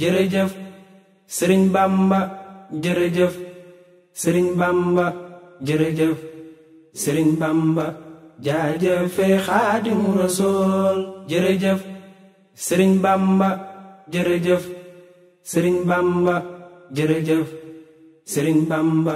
jërëjëf sëriñ bamba jërëjëf sëriñ bamba jërëjëf sëriñ bamba jaajëfe xaadimu rasool jërëjëf sëriñ bamba jërëjëf sëriñ bamba jërëjëf sëriñ bamba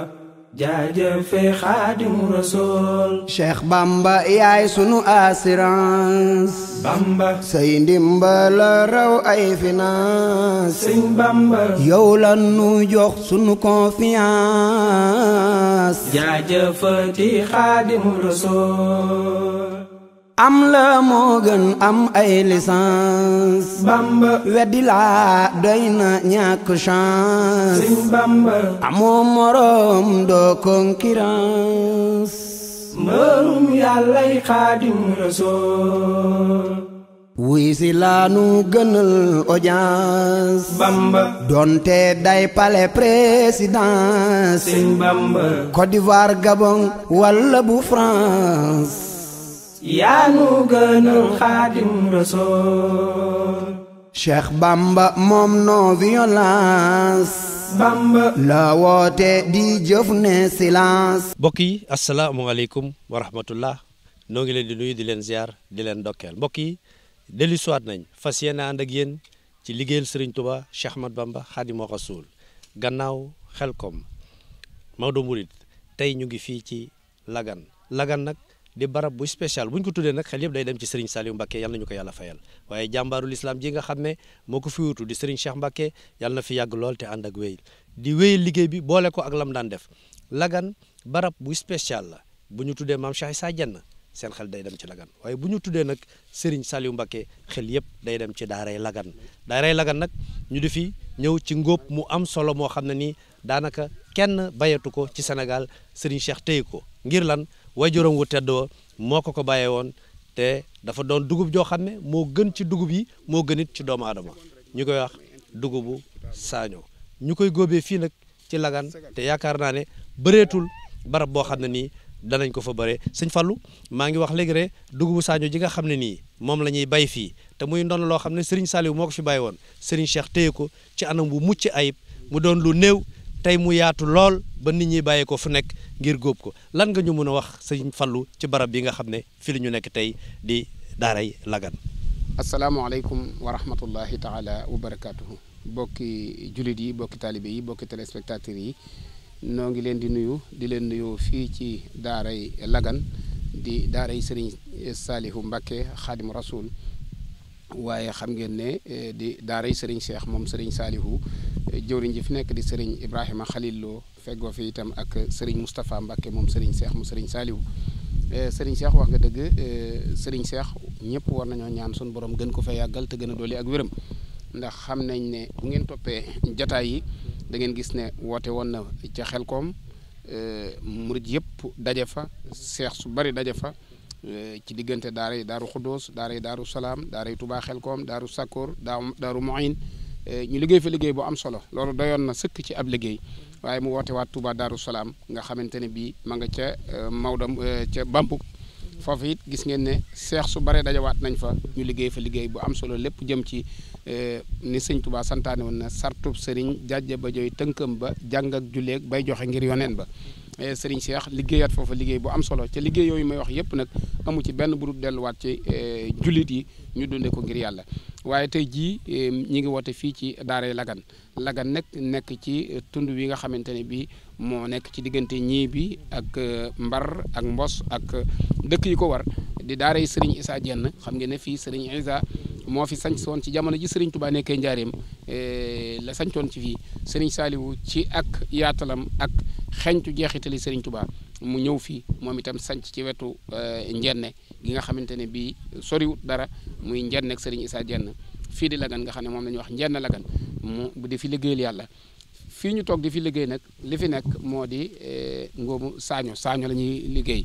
jaajëfe xaadimu rasool cheikh bamba yaay sunu assurance bamba say ndimbal la raw ay finance sëñ bamba yow la nu jox sunu confiance jaajëfati xaadimu rasool am la moo gën am ay licence bamba weddi laa doy na ñàkk chance sëñ moroom doo concurrence mbërum yàllay xaadim rasool wuy si laa nu gënal audience bamba doonte day palais présidence sëñ Gabon walla bu France yaa cheikh bamba moom non violence. bamba la woote di jëf ne silence. mbokk yi asalaamaaleykum wa rahmatullah noo ngi leen di nuyu di leen ziar di leen dokkeel mbokk yi dellu nañ fas yéene ànd ak yéen ci liggéeyal sëriñ Tuba Cheikh Ahmad Bamba Xaadimu Rasuul gannaaw Xelkom Maodo Mouride tey ñu ngi fii ci Lagan Lagan nag. di barab bu spécial bu ñu ko tuddee nag xel yëpp day dem ci Serigne Saliou Mbacké yal nañu ko yàlla fayal waaye jàmbaarul islam ji nga xam ne moo ko fi wutu di Serigne Cheikh Mbacké yal na fi yàgg lool te ànd ak wéyil di wéyil liggéey bi boole ko ak lam daan def lagan barab bu spécial la bu ñu tuddee maam Cheikh Issa Dienne seen xel day dem ci lagan waaye bu ñu tuddee nag Serigne Saliou Mbacké xel yëpp day dem ci daaray lagan daaray lagan nag ñu di fi ñëw ci ngóob mu am solo moo xam ne nii daanaka kenn bayatu ko ci Sénégal Serigne Cheikh ko ngir lan waajuram wu tedd wa moo ko ko bàyyee woon te dafa doon dugub joo xam ne moo gën ci dugub yi moo gën it ci doomu aadama ñu koy wax dugubu saaño ñu koy góobee fii nag ci lagan te yaakaar naa ne bëreetul barab boo xam ne nii danañ ko fa bëree sëñ fallu maa ngi wax léegi rek dugubu saaño ji nga xam ne nii moom la ñuy bay fii te muy ndono loo xam ne Serigne Saliou moo ko fi bàyyi woon Serigne Cheikh téye ko ci anam bu mucc ayib mu doon lu néew tey mu yaatu lool ba nit ñi bàyyi ko fu nekk ngir góob ko lan nga ñu mën a wax sëñ Fallu ci barab bi nga xam ne fi li ñu nekk tey di daaray Lagane asalaamaaleykum wa rahmatullahi taala wa barakatuhu bokki jullit yi bokki taalibe yi bokki téléspectateurs yi noo ngi leen di nuyu di leen nuyu fii ci daaray lagan di daaray sëriñ Saalihu Mbàkke xaadimu rasuul waaye xam ngeen ne eh, di daaray sëriñ Cheikh moom sëriñ Saalihu eh, jëwriñ ji fi nekk di sëriñ Ibrahima Khalil Lo feggoo fi itam ak sëriñ Moustapha Mbacke moom sëriñ seex mu sëriñ Saalihu eh, sëriñ Cheikh wax nga dëgg sëriñ Cheikh ñëpp war nañoo ñaan suñu borom gën ko fa yàggal te gën a ak wéram ndax xam nañ ne bu ngeen toppee jataay yi da ngeen gis ne woote woon na ca xelkoom murid yëpp daje fa seex su bari daje fa. Euh, ci diggante daara yi daaru Xuddoos daara yi daaru Salaam daaray tubaa Touba Xelkom daaru Sakkoor daaru Moin euh, ñu liggéey fa liggéey bu am solo loolu doyoon na sëkk ci ab liggéey waaye mu woote waat Touba daaru Salaam nga xamante ne bii ma nga ca euh, Maodo ca Bambuk foofu it gis ngeen ne seex su bare waat nañ fa ñu liggéey fa liggéey bu am solo lépp jëm ci ni sëñ tubaa santaane woon na sartub sëriñ jàjje ba jooy tënkam ba jàng ak julleeg bay joxe ngir yoneen ba Eh, Serigne Cheikh liggéeyaat foofa liggéey bu am solo ca liggéey yooyu may wax yëpp nag amu ci benn bu dul delluwaat ci eh, jullit yi ñu dundee ko ngir yàlla waaye tey jii ñi ngi woote fii ci daaray Lagan Lagan nag nekk ci eh, tund wi nga xamante ne bii moo nekk ci diggante ñii bi ak eh, Mbar ak Mbos ak eh, dëkk yi ko war di daaray Serigne Issa Dieng xam ngeen ne fii Serigne Issa moo fi sanc woon ci jamono ji Serigne Touba nekkee njaareem la sancoon ci fii Serigne Saliou ci ak yaatalam ak xeñtu jeexitali Serigne Touba mu ñëw fii moom itam sanc ci wetu euh, njenne gi nga xamante ne bii soriwut dara muy njenne ak sëriñ Issa Dienne fii di Lagane nga xam ne moom la wax njenne Lagane mu di fi liggéeyal yàlla fii ñu toog di fi liggéey nag li fi nekk moo di euh, ngóobu saaño saaño la ñuy liggéey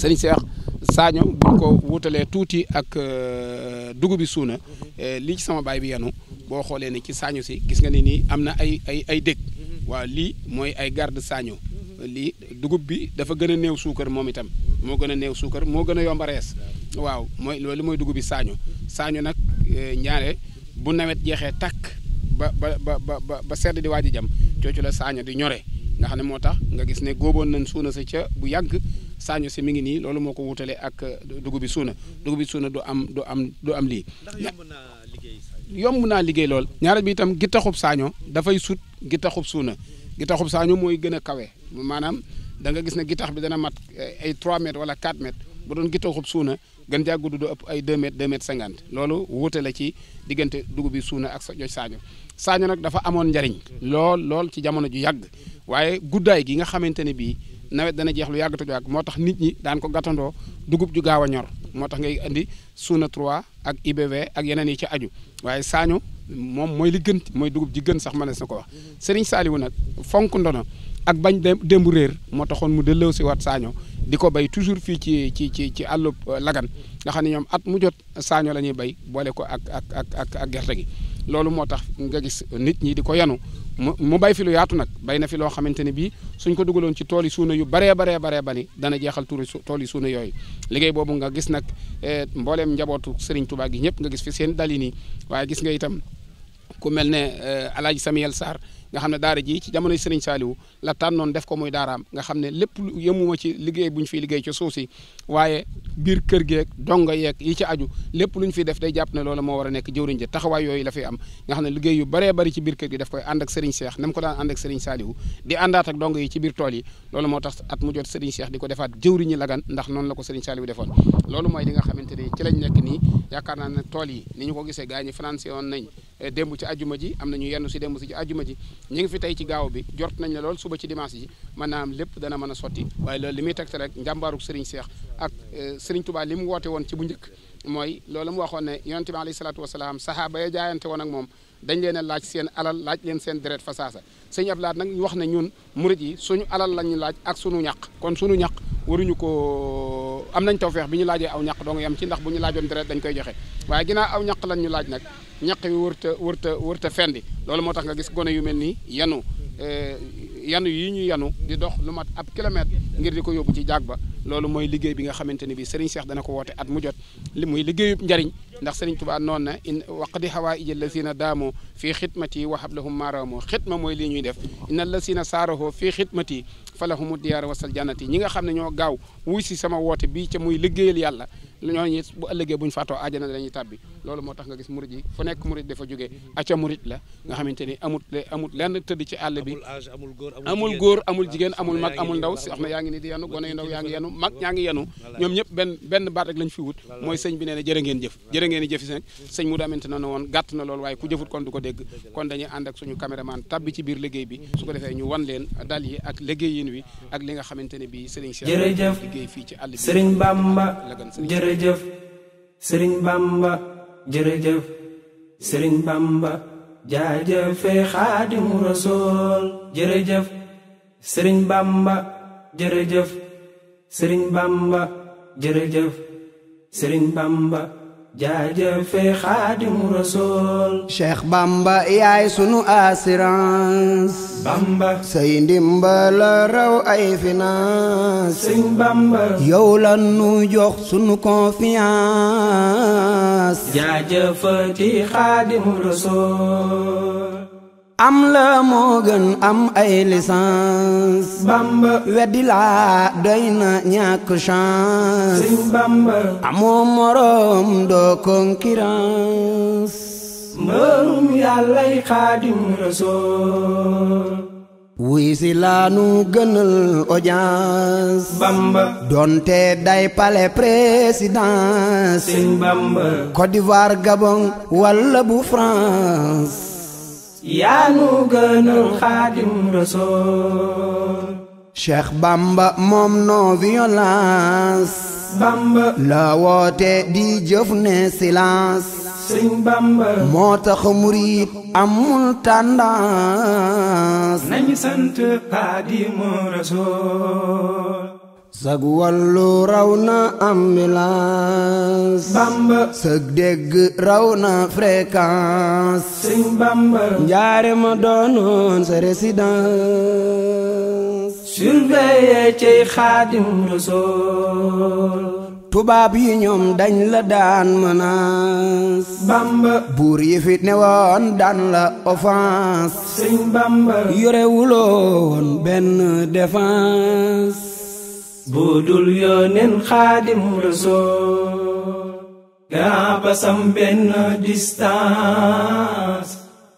sëriñ Seex saaño buñ ko wutalee tuuti ak euh, dugub bi suuna lii ci sama baay bi yenu boo xoolee ne ci saaño si gis nga ne nii am na ay ay ay mhm. lii mooy ay garde saaño lii dugub bi dafa gën a néew suukar moom itam moo gën a néew suukar moo gën a yomb waaw mooy loolu mooy dugub bi saañu saañu nag eh, ñaare bu nawet jeexee tàkk ba ba ba ba ba di waaj a jam coocu la saañu di ñore nga xam ne moo tax nga gis ne góoboon nañ suuna sa ca bu yàgg saañu si mi ngi nii loolu moo ko wutale ak eh, dugub suuna dugub bi suuna du am du am du am lii. yomb naa liggéey lool ñaareel bi itam gittaxub saaño dafay sut gittaxub suuna gittaxub saaño mooy gën a kawe maanaam da nga gis ne gitax bi dana mat eh, ay 3 mètres wala 4 mètres bu doon gitaxub suuna gën jaa gudd du ëpp ay 2 mètres 2 mètres 50 loolu wuute la ci diggante dugub bi suuna ak sa joj saaño saaño nag dafa amoon njariñ lool lool ci jamono ju yàgg waaye guddaay gi nga xamante ne bii nawet dana jeex lu yàgg te yàgg moo tax nit ñi daan ko gàttandoo dugub ju gaaw a ñor moo tax ngay indi suuna 3 ak IBV ak yeneen yi ci aju waaye saaño moom mooy li gën mooy dugub ji gën sax mënees na ko wax Serigne Saliou nag fonk ndono ak bañ démb réer moo taxoon mu delloo si waat saaño di ko bay toujours fii ci ci ci ci àllub euh, lagan nga xam ne ñoom at mu jot saaño la ñuy béy boole ko ak ak ak ak ak gerte gi loolu moo tax nga gis nit ñi di ko yanu mu mu bay fi lu yaatu nag bay na fi loo xamante ne bii suñ ko dugaloon ci tool yi suuna yu baree baree baree bani dana jeexal tuuri tool yi suuna yooyu liggéey boobu nga gis nag eh, mbooleem njabootu Serigne Touba gi ñëpp nga gis fi seen dali waaye gis nga itam ku mel ne eh, Alaaji Samuel Sarr nga xam ne daara ji ci jamonoy Serigne Saliou la tànnoon def ko muy daaraam nga xam ne lépp yëmuma ci liggéey bu ñu fiy liggéey ci suuf si waaye biir kër geeg donga yeeg yi ci aju lépp lu ñu fiy def day jàpp ne loolu moo a am nga xam yu baree bari ci biir kër gi na mu ko yi ci moo tax at mu jot Serigne Cheikh di ko defaat jëwriñi lagan ndax noonu la ko Serigne Saliou defoon loolu mooy li nga xamante ni ci lañ nekk nii yaakaar naa ne tool yi ni ñu ko gisee gaa ñi financé nañ Eh, démb ci ajuma ji am nañu yenn si démb si ci ajuma ji ñu ngi fi tey ci gaaw bi jort nañ ne lool suba ci dimanche ji mën lépp dana mën a sotti waaye loolu li muy tegte rek njàmbaaruk Serigne Seex ak eh, Serigne Touba li mu woote woon ci bu njëkk mooy loolu mu waxoon ne yonente bi alayhi salaatu wasalaam sahaaba ya jaayante woon ak moom dañ leen laaj seen alal laaj leen seen deret fa saasa sëñ Ablaat nag wax ne ñun murit yi suñu alal lañu laaj ak suñu ñaq kon suñu ñaq waruñu ko am nañ tawfeex bi ñu laajee aw ñaq dong yam ci ndax bu ñu laajoon deret dañ koy joxe waaye naa aw ñaq lañ ñu laaj nag ñaq wi wërta wërta wërta fendi loolu moo tax nga gis gone yu mel nii yanu eh, yanu yi ñu yanu di dox lu mat ab kilomètre ngir di ko yóbbu ci jaag ba loolu mooy liggéey bi nga xamante ni bi Serigne Cheikh dana ko woote at mu jot li muy liggéeyub njariñ ndax Serigne Touba noonu na in waqdi hawaaij allazina daamu fii xidmati wa hablahum maaramo xidma mooy lii ñuy def in allazina saarahoo fii xidmati falahumu diyaar wasal jannati ñi nga xam ne ñoo gaaw wuy si sama woote bii ca muy liggéeyal yàlla ñooñu bu ëllëgee bu ñu faatoo àjjana lañuy tàbbi loolu moo tax nga gis murid yi fu nekk murid dafa jógee aca murid la nga xamante ni amut amut lenn tëdd ci àll bi amul góor amul jigéen amul mag amul ndaw si wax na yaa ngi ni di yu mag ñaa ngi yenu ñoom ñëpp benn benn baat rek lañ fi wut mooy sëñ bi nee na jërë ngeen jëf jërë ngeen i jëfi sëñ sëñ mu damante na woon gàtt na loolu waaye ku jëfut kon du ko dégg kon dañuy ànd ak suñu caméraman tabbi ci biir liggéey bi su ko defee ñu wan leen dal yi ak liggéeyin wi ak li nga xamante ne bii sëriñ si jërëjëf liggéey fii ci àll bi sëriñ Bamba jërëjëf sëriñ Bamba jërëjëf sëriñ Bamba jaajëfe xaadimu rasool jërëjëf sëriñ Bamba jërëjëf sëriñ bamba jërëjëf sëriñ bamba jaajëfe xaadimu rasool cheikh bamba yaay sunu assurance bamba say ndimbal raw ay finance sëriñ bamba yow la jox sunu confiance jaajëfati xaadimu rasool am la moo gën am ay licence bamba weddi laa doy na ñàkk chance sëñ moroom doo concurrence mbërum yàllay xaadim rasool wuy si laa nu gënal audience bamba donte day palais présidence sëñ bamba Côte walla bu France yaa nu gënal xaadim rasool cheikh bamba moom non violence bamba la woote di jëf ne silence sëñ bamba moo tax murit amul tendance nañu sant xaadim rasool sag wàllu raw na ambulance. bamba. dégg raw na fréquence. sëñ bamba. njaare ma doonoon sa résidence. surveiller ci xaadim rasool. tubaab yi ñoom dañ la daan menace. bamba. buur yi fit ne daan la offense. sëñ wuloo woon benn défense. budul yoneen xaadim rasool grand pasam benn distance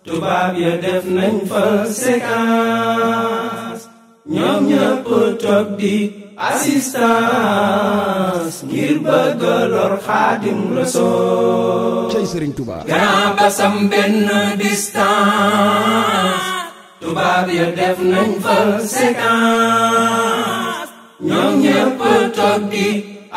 tubaab ya def nañ fa ñoom ñëpp toog di assistance ngir bëgg lor xaadim rasool cay sëriñ Tuubaa grand pasam benn distance tubaab ya def nañ fa ñoom ñépp toog di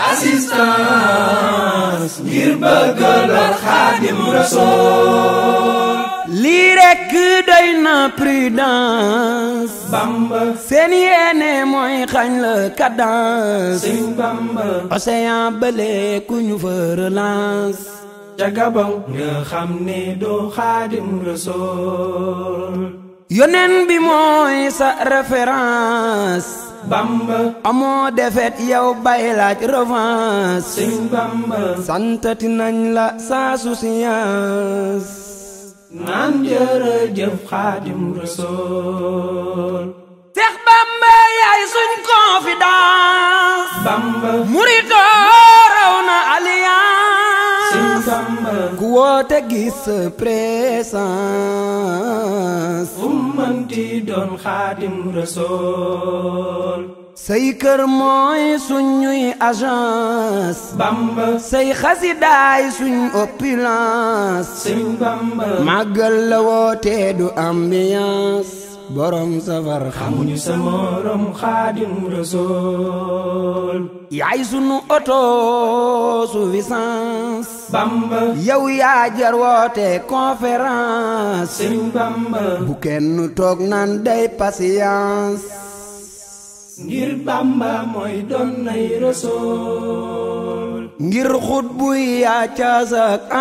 assistance ngir bëggalal xaadim rasool lii rekk doy na prudence bamba seen yéene mooy xañ la cadence sëñ bamba océan bële ku ñu fa relance jagabaw nga xam ne doo xaadim rasool yoneen bi mooy sa référence Bamba amoo defet yow bay laaj revanche Sëñ santati nañ la sa souciance naan jërëjëf Xaadim Rasuul Seex Bamba yaay suñ confidence Bamba muritoo ku woote gis sa présence fu mënti doon xaadim rasool say kër mooy suñuy agence bamba say xasidaay suñ opulence sëñ la woote du ambiance borom safar xamuñu sa morom xaadim rasool yaay sunu autosuffisance bamba yow yaa woote conférence sëriñ bamba bu toog naan day patience ngir bamba mooy doon nay rasool ngir xut buy yaa caas ak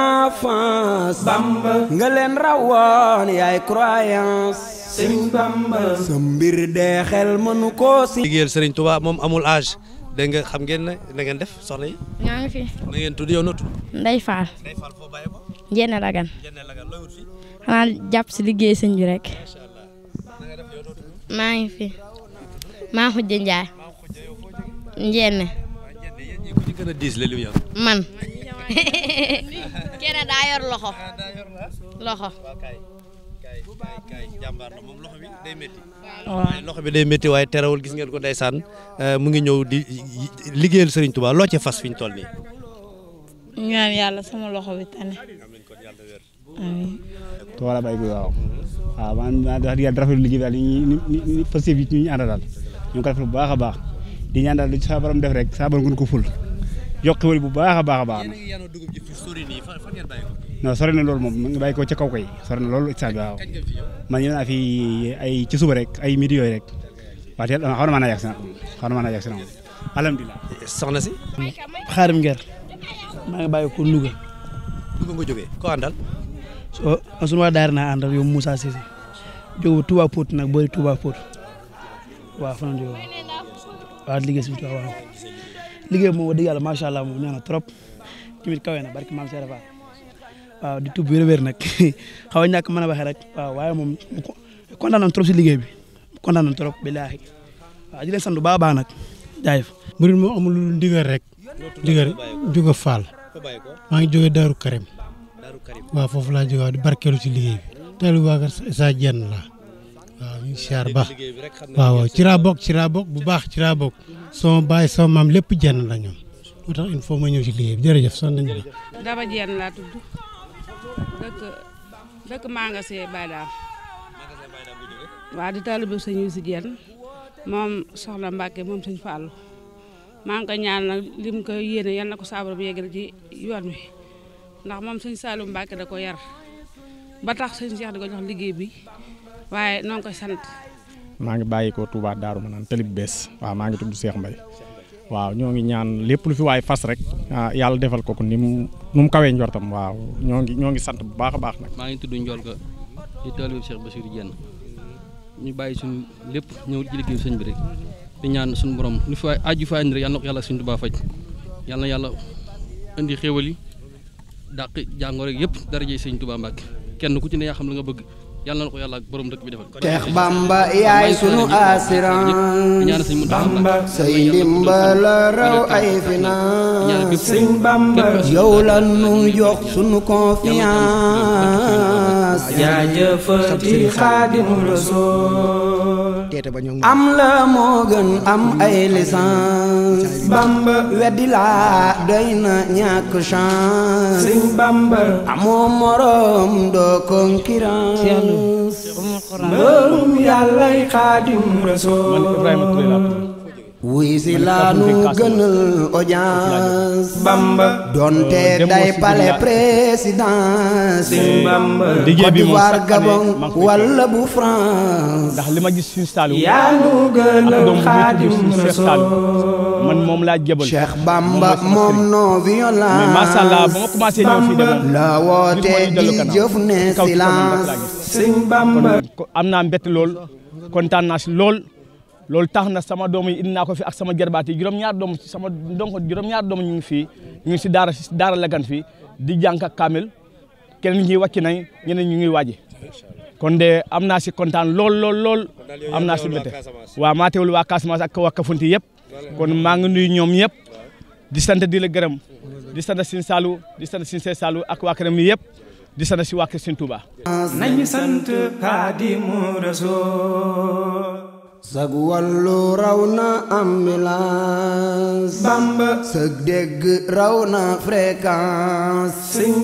bamba nga leen rawoon yaay croyance sëriñ Bamba sa mbir dee mënu koo si. liggéeyal sëriñ Touba moom amul âge dégg nga xam ngeen ne na ngeen def soxna yi. ñaa ngi fi. na ngeen tudd yow na tudd. Ndeye Fall. Lagan. xanaa jàpp si liggéey sëñ bi rek. maa ngi fi. maa xujj Ndiaye. maa man. kenn daa yor loxo. Ah, loxo. kay kay moom loxo bi day métti. Ah. waaw loxo bi day métti waaye terewul gis ngeen ko saan euh, mu ngi ñëw di liggéeyal Serigne Touba loo ci fas fi ñu toll nii. ñaan yàlla sama loxo bi tane. amiin. Touba la bay bi waaw. waaw maanaam daal di rafetlu liggéey bi daal ñu ñu fas yéene ñu ñu àndal daal ñu ngi ko bu baax a baax di ñaan daal lu ci saa def rek saa borom ko ful. yokk wër bu baax a baax a baax. non sori na loolu moom mu ngi bàyyi ko ca kaw koy sori na loolu instant bi waaw man ñëw naa fi ay ci suba rek ay midi yooyu rek wax dëgg xaw na maa si maa naa yàgg si nger maa ngi bàyyi ko Louga. Louga nga jógee koo àndal. waa daara naa àndal yow Moussa Cissé jóge bu Touba nag boori Touba Pout waaw fan la jógee waaw waaw liggéey si waaw liggéey moom wax dëgg yàlla allah moom nee na trop tamit kawe na barki maam Serap waaw di tub wér-wér nag xaw a ñàkk mën a waxee rek waaw waaye moom kontaan nañ trop si liggéey bi kontaan nañ trop billaahi waaw leen sant baa baa nag jaayef murid moo amul lu ndigal rek ndigal jóge Fall maa ngi jóge Daaru Karim waaw foofu laa jóge di barkeelu si liggéey bi teel waa Sa Jenn laa waaw ñu ngi siyaar baax waaw waaw ci laa bokk ci laa bu baax ci laa bokk baay soo maam lépp jenn la moo tax il faut ma ñëw ci liggéey bi jërëjëf sonn nañu la. Daba Diène laa tudd dëkk dëkk Mangasé Baye Dame waaw di taalibe sëñ Yuusu Diène moom soxna Mbàkke moom sëñ Fallu maa ko ñaan nag lim ko yéene bi yeggal ci yoon wi moom sëñ Saalu Mbàkke da ko yar ba tax sëñ Cheikh di ko jox liggéey bi. waaye noo ngi sant. maa ngi bàyyi ko Touba Darou Manane tali bu bees waaw maa ngi tudd Cheikh Mbaye waaw ñoo ngi ñaan lépp lu fi waaye fas rek ah, yàlla defal ko ko ni mu nu mu kawee njortam waaw ñoo ngi ñoo ngi sant bu baax a baax nag. maa ngi tudd Ndiol ko di toolu Cheikh Bassirou Diène ñu bàyyi suñu lépp ñëw ci liggéeyu sëñ bi rek di ñaan suñu borom lu fi waay aaju fa indi rek yàlla na ko yàlla suñu Tuubaa faj yàlla na yàlla indi xéwal yi dàq rek yëpp dara jee sëñ Tuubaa Mbàkke kenn ku ci ne yaa xam la nga bëgg yàlla na ko yàlla ak borom dëkk bi defal Cheikh Bamba yaay sunu assurance say ndimbal raw ay finance Sëñ Bamba yow jox sunu confiance maas jaajëfati xaadim am la moo gën am mm. ay licence bamba weddi doy na ñàkk chance sëñ bamba amoo morom doo concurrence mbërum yàllay xaadim rasool wuy si laanu gënal audience. bamba donte day palais présidence. bamba Gabon wala bu France. ndax li ma gis suñu Saalum. yaa nu gënal xaadim rasool man moom laa jëbal. Cheikh Bamba moom non violence. mais macha ba ma commencé ñëw fii demal. la woote di jëf ne silence. sëñ bamba. am naa mbett lool kontaan naa si lool. loolu tax na sama doom yi indi naa ko fi ak sama jarbaat yi juróom-ñaar doom sama donc juróom-ñaar doom ñu ngi fii ñu ngi si daara si daara Lagane fii di jànk ak kaamil keneen ñi wàcc nañ ñeneen ñu ngi waaji kon de am naa si kontaan lool lool lool am naa si mbéte waa maa teewul waa Casamance ak waa Kafunti yëpp kon maa ngi ñoom yëpp di sant di la gërëm di sant sin Saalu di sant si see Saalu ak waa këram yi di sant si waa kër Sin Touba sag wàllu raw na ambulance bamba sag dégg raw na fréquence sëñ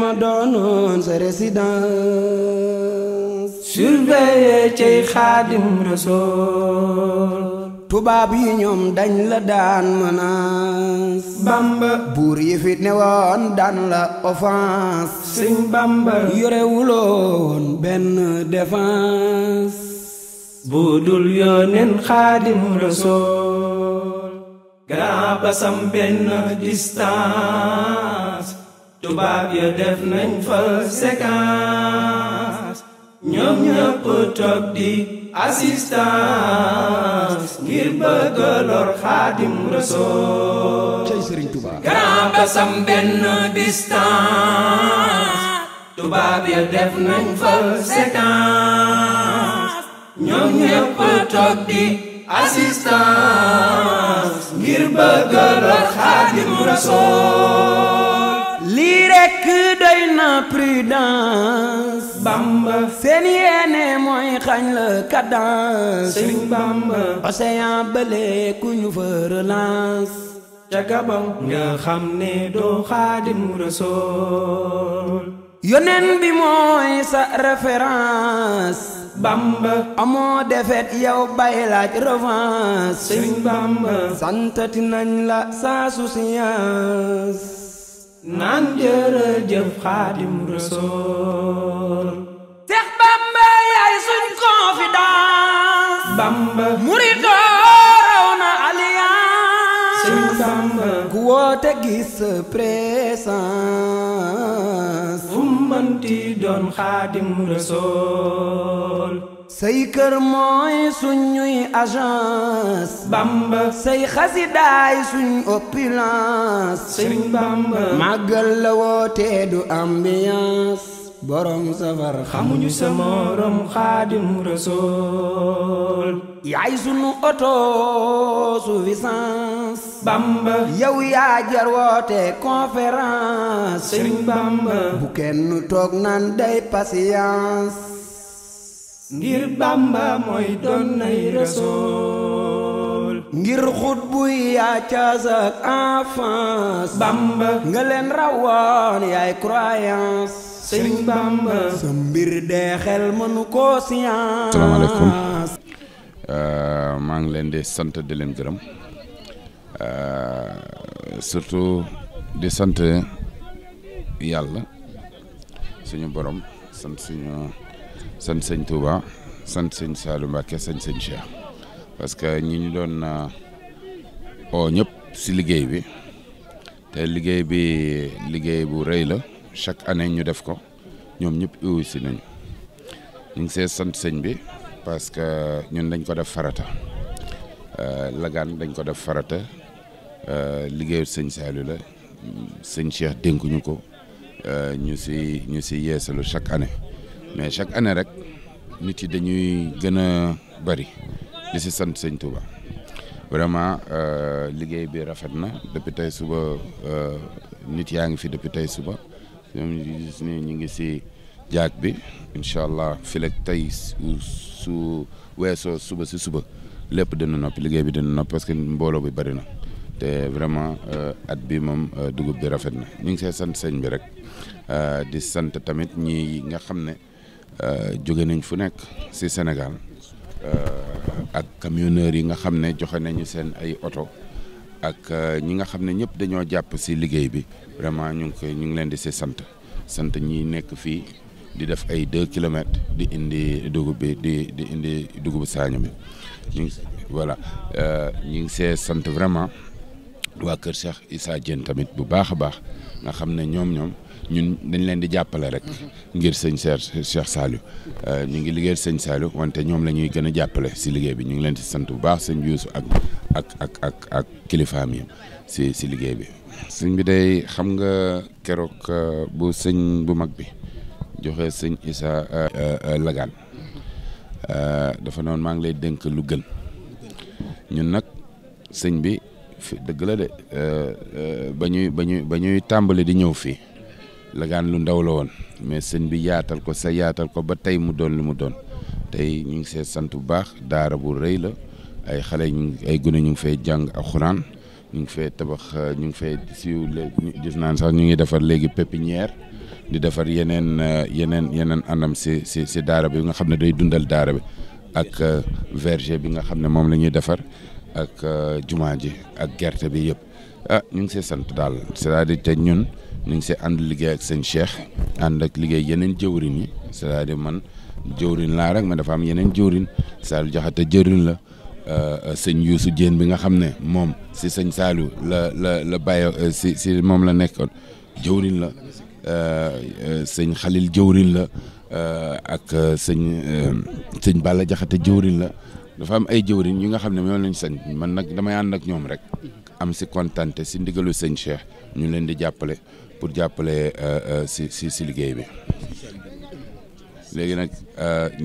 ma doonoon sa résidence surveiller cey xaadim rasool tubaab yi ñoom dañ la daan menace bamba buur yi fi newoon daan la offense sëñ bamba yorewuloon benn défense budul yónneen xaadim rasool grand basam benn distance tubaab ya def nañ ñoom ñëpp toog di assistance ngir bëgg lor xaadim rasool ñoom ñépp toog di assistance ngir bëggal Xaadimu Rasuul lii rekk doy na prudence Bamba seen yéene mooy xañ la cadence Sëñ Bamba océan bële ku ñu fa relance ca gabam nga xam ne doo Xaadimu Rasuul yoneen bi mooy sa référence bamba amoo defet yow bay laaj revanche sëñ bamba santati nañ la sa souciance naan jërëjëf xaadim seex bamba yaay suñ confidence bamba muridoo raw na alliance sëñ woote gis présence mënti doon xaadim rasool say kër mooy suñuy agence bamba say xasidaay suñ opulence sëñ bamba màggal la du ambiance borom safar xamuñu sa morom xaadim rasool yaay sunu autosuffisance bamba yow yaa jar woote conférence sëriñ bamba bu kenn toog naan day patience ngir bamba mooy doon nay rasool ngir xut buy yaa caas ak bamba nga leen rawoon yaay croyance sëñ Bamba sa mbir dee xel mënu koo science. Euh, maa ngi leen di sant di leen gërëm euh, surtout di sant yàlla suñu boroom sant suñu sant sëñ Touba sant sëñ Saliou Mbacké sant sëñ Cheikh parce que ñu ñu doon euh, oo ñëpp si liggéey bi te liggéey bi liggéey bu rëy la. chaque année ñu def ko ñoom ñëpp uwu si nañu ñu ngi see sant sëñ bi parce que ñun dañ ko def farata euh, Lagane dañ ko def farata euh, liggéeyu sëñ Saliou la sëñ Cheikh dénkuñu ko euh, ñu si ñu si yeesalu chaque année mais chaque année rek nit yi dañuy gën a bari li si sant sëñ Touba vraiment liggéey bi rafet na depuis tey suba nit yaa ngi fi depuis tey suba. ñoom ñu gis ñu ngi si jaag bi incha allah fileeg tey su weesoo suba si suba lépp dina noppi liggéey bi dina noppi parce que mbooloo bi bari na te vraiment euh, at bi moom euh, dugub bi rafet na ñu ngi see sant sëñ bi rek euh, di sant tamit ñi nga xam ne jóge nañ fu nekk si Sénégal ak camionneurs yi nga xam ne joxe nañu seen ay oto ak ñi nga xam ne ñëpp dañoo jàpp si liggéey bi vraiment ñu ngi koy ñu ngi leen di si sant sant ñi nekk fii di def ay deux kilomètres di indi dugub bi di di indi dugub saañu bi ñu ngi voilà euh, ñu ngi see sant vraiment waa Kër Cheikh Issa jën tamit bu baax a baax nga xam ne ñoom ñoom ñun dañ leen di jàppale rek ngir sëñ Cheikh Cheikh Saliou euh, ñu ngi liggéey sëñ Saliou wante ñoom la ñuy gën a jàppale si liggéey bi ñu ngi leen di sant bu baax sëñ Youssou ak ak ak ak ak kilifaam yi si si liggéey bi sëñ bi day xam nga keroog euh, bu sëñ bu mag bi joxe sëñ Issa euh, euh, Lagaan dafa noon maa ngi lay dénk lu gën ñun nag sëñ bi fi dëgg la de ba ñuy ba ñuy ba ñuy tàmbali di ñëw fii Lagaan lu ndaw la woon mais sëñ bi yaatal ko sa yaatal ko ba tey mu doon lu mu doon tey ñu ngi see sant bu baax daara bu rëy la ay xale ay gune ñu ngi fay jàng alxuraan ñu ngi fee tabax euh, ñu ngi fee siw gis naan ñu ngi defar léegi pépinière di defar yeneen euh, yeneen yeneen anam si si si daara bi nga xam ne day dundal daara bi ak euh, verger bi nga xam ne moom la ñuy defar ak jumaa ji ak gerte bi yëpp ah ñu ngi see sant daal cest à di te ñun ñu ngi see ànd liggéey ak seen cheikh ànd ak liggéey yeneen jëwrin yi c'est-à-dire man jëwrin laa rek ma dafa am yeneen jëwrin Sall Jaxate jëwrin la Euh, euh, sëñ Youssou Dieng bi nga xam ne moom si sëñ Saliou la la la bàyyi euh, si si moom la nekkoon jëwrin la sëñ xalil jëwrin la ak sëñ sëñ Balla Jaxate jëwrin la dafa am ay jëwrin yi nga xam ne moom lañ sañ man nag damay ànd ak ñoom rek am si kontante si ndigalu sëñ Cheikh ñu leen di jàppale pour jàppale si si si liggéey bi léegi nag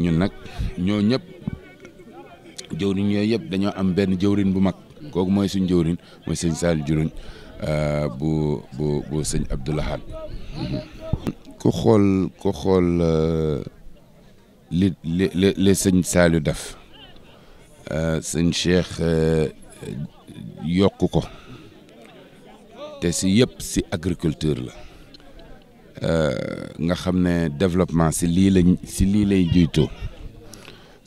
ñun nag ñoo ñëpp. jëwriñ yooyu yëpp dañoo am benn jëwriñ bu mag kooku mooy suñ jëwriñ mooy sëñ Saliou Diouroune euh, bu bu bu sëñ Abdou Lahad xool ku xool euh, li li li sëñ Saliou def euh, sëñ Cheikh yokku ko te si yëpp si agriculture la nga xam ne développement si lii lañ si lii lay jiitoo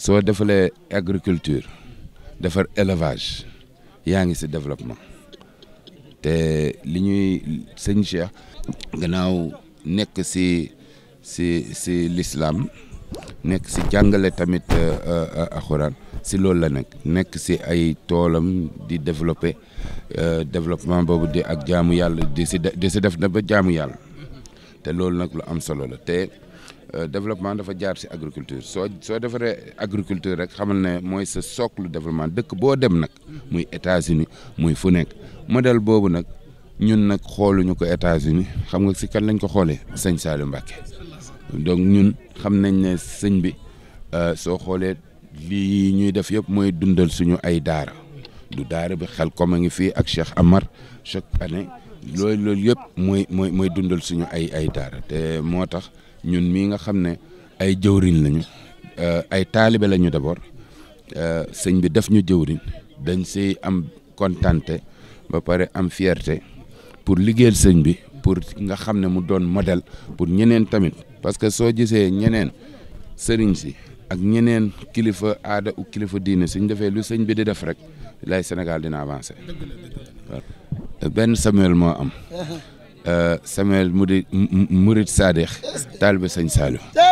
soo defalee agriculture defar élevage yaa ngi si développement te li ñuy sëñ Cheikh gannaaw nekk si si si l'islam nekk si jàngale tamit euh, euh, alxuraan si loolu la nekk nekk si ay toolam di développer euh, développement boobu di ak jaamu yàlla di si di si def na ba jaamu yàlla te loolu nag lu am solo la te Euh, développement dafa jaar si agriculture soo soo defaree agriculture rek xamal ne mooy sa socle développement dëkk boo dem nag muy États-Unis muy fu nekk modèle boobu nag ñun nag xooluñu ko États-Unis xam nga si kan lañ ko xoolee sëñ Saliou Mbacké donc ñun xam nañ ne sëñ bi euh, soo xoolee lii ñuy def yëpp mooy dundal suñu ay daara du daara bi xel comme a ngi fii ak Cheikh Amar chaque année loolu loolu yëpp mooy mooy mooy dundal suñu ay ay daara te moo tax ñun mii nga xam ne ay jëwriñ lañu euh, ay taalibe lañu d'abord euh, sëñ bi def ñu jëwriñ dañ siy am kontante ba pare am fierte pour liggéeyal sëñ bi pour nga xam ne mu doon modèle pour ñeneen tamit parce que soo gisee ñeneen sëriñ si ak ñeneen kilifa aada u kilifa diine siñ defee lu sëñ bi di def rek lay Sénégal dina avancer benn Samuel moo am uh-huh. Euh, Samuel Mouride Mouride Sadikh taalibe sëñ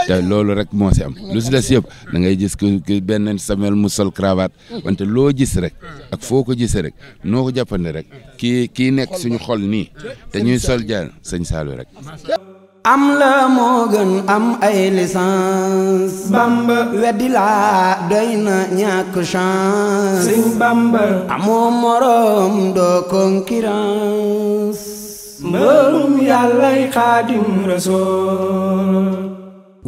te loolu rek moo si am lu si des yëpp da ngay gis que benn Samuel mu sol cravate wante loo gis rek ak foo ko gisee rek noo ko jàppande rek kii kii nekk suñu xol nii te ñuy sol jaan sëñ Saliou rek. am la moo gën am ay licence bamba doy na ñàkk chance sëñ bamba amoo morom doo mbërum yàllay xaadim rasool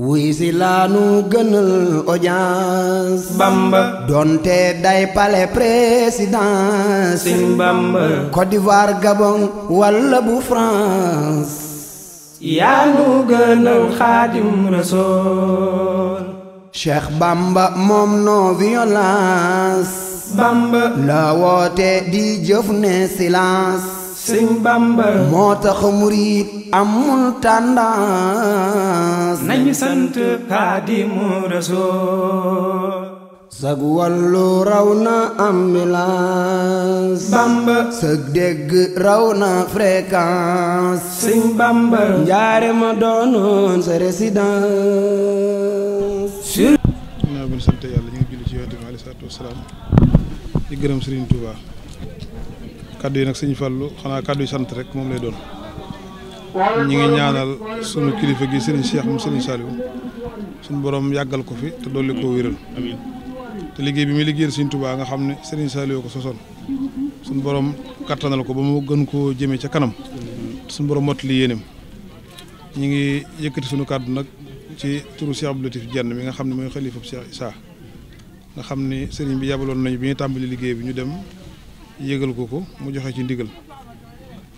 wuy si laanu gënal audience bamba donte day palais présidence sëñ bamba Côte Gabon walla bu France yaa nu gënal xaadim rasool Cheikh Bamba moom non violence bamba la woote di jëf ne silence sëñ Bamba moo tax murit amul tendance nañu sant Xaadimu Rasuul sag wàllu raw na am bamba sag dégg raw na fréquence sëñ bamba njaare ma doonoon sa résidence naa bun sant yàlla ñu ngi julli ci yonent bi alayhi salaatu wasalaam di kàddu yi nag sëñ Fallou xanaa kàddu yi sant rek moom lay doon ñi ngi ñaanal sunu kilifa gi sëriñ Cheikh moom sëriñ Saliou suñu borom yàggal ko fi te dolli koo wéral te liggéey bi muy liggéeyal sëriñ Touba nga xam ne sëriñ Saliou ko sosoon suñu borom kattanal ko ba mu gën koo jëmee ca kanam borom mot li yéenem ñi ngi yëkkati sunu kaddu nag ci turu Cheikh Abdou Latif nga xam ne mooy xalifab Cheikh Issa nga xam ne sëriñ bi yabaloon nañu bi ñu tàmbali liggéey bi ñu dem yëgal ko ko mu joxe ci ndigal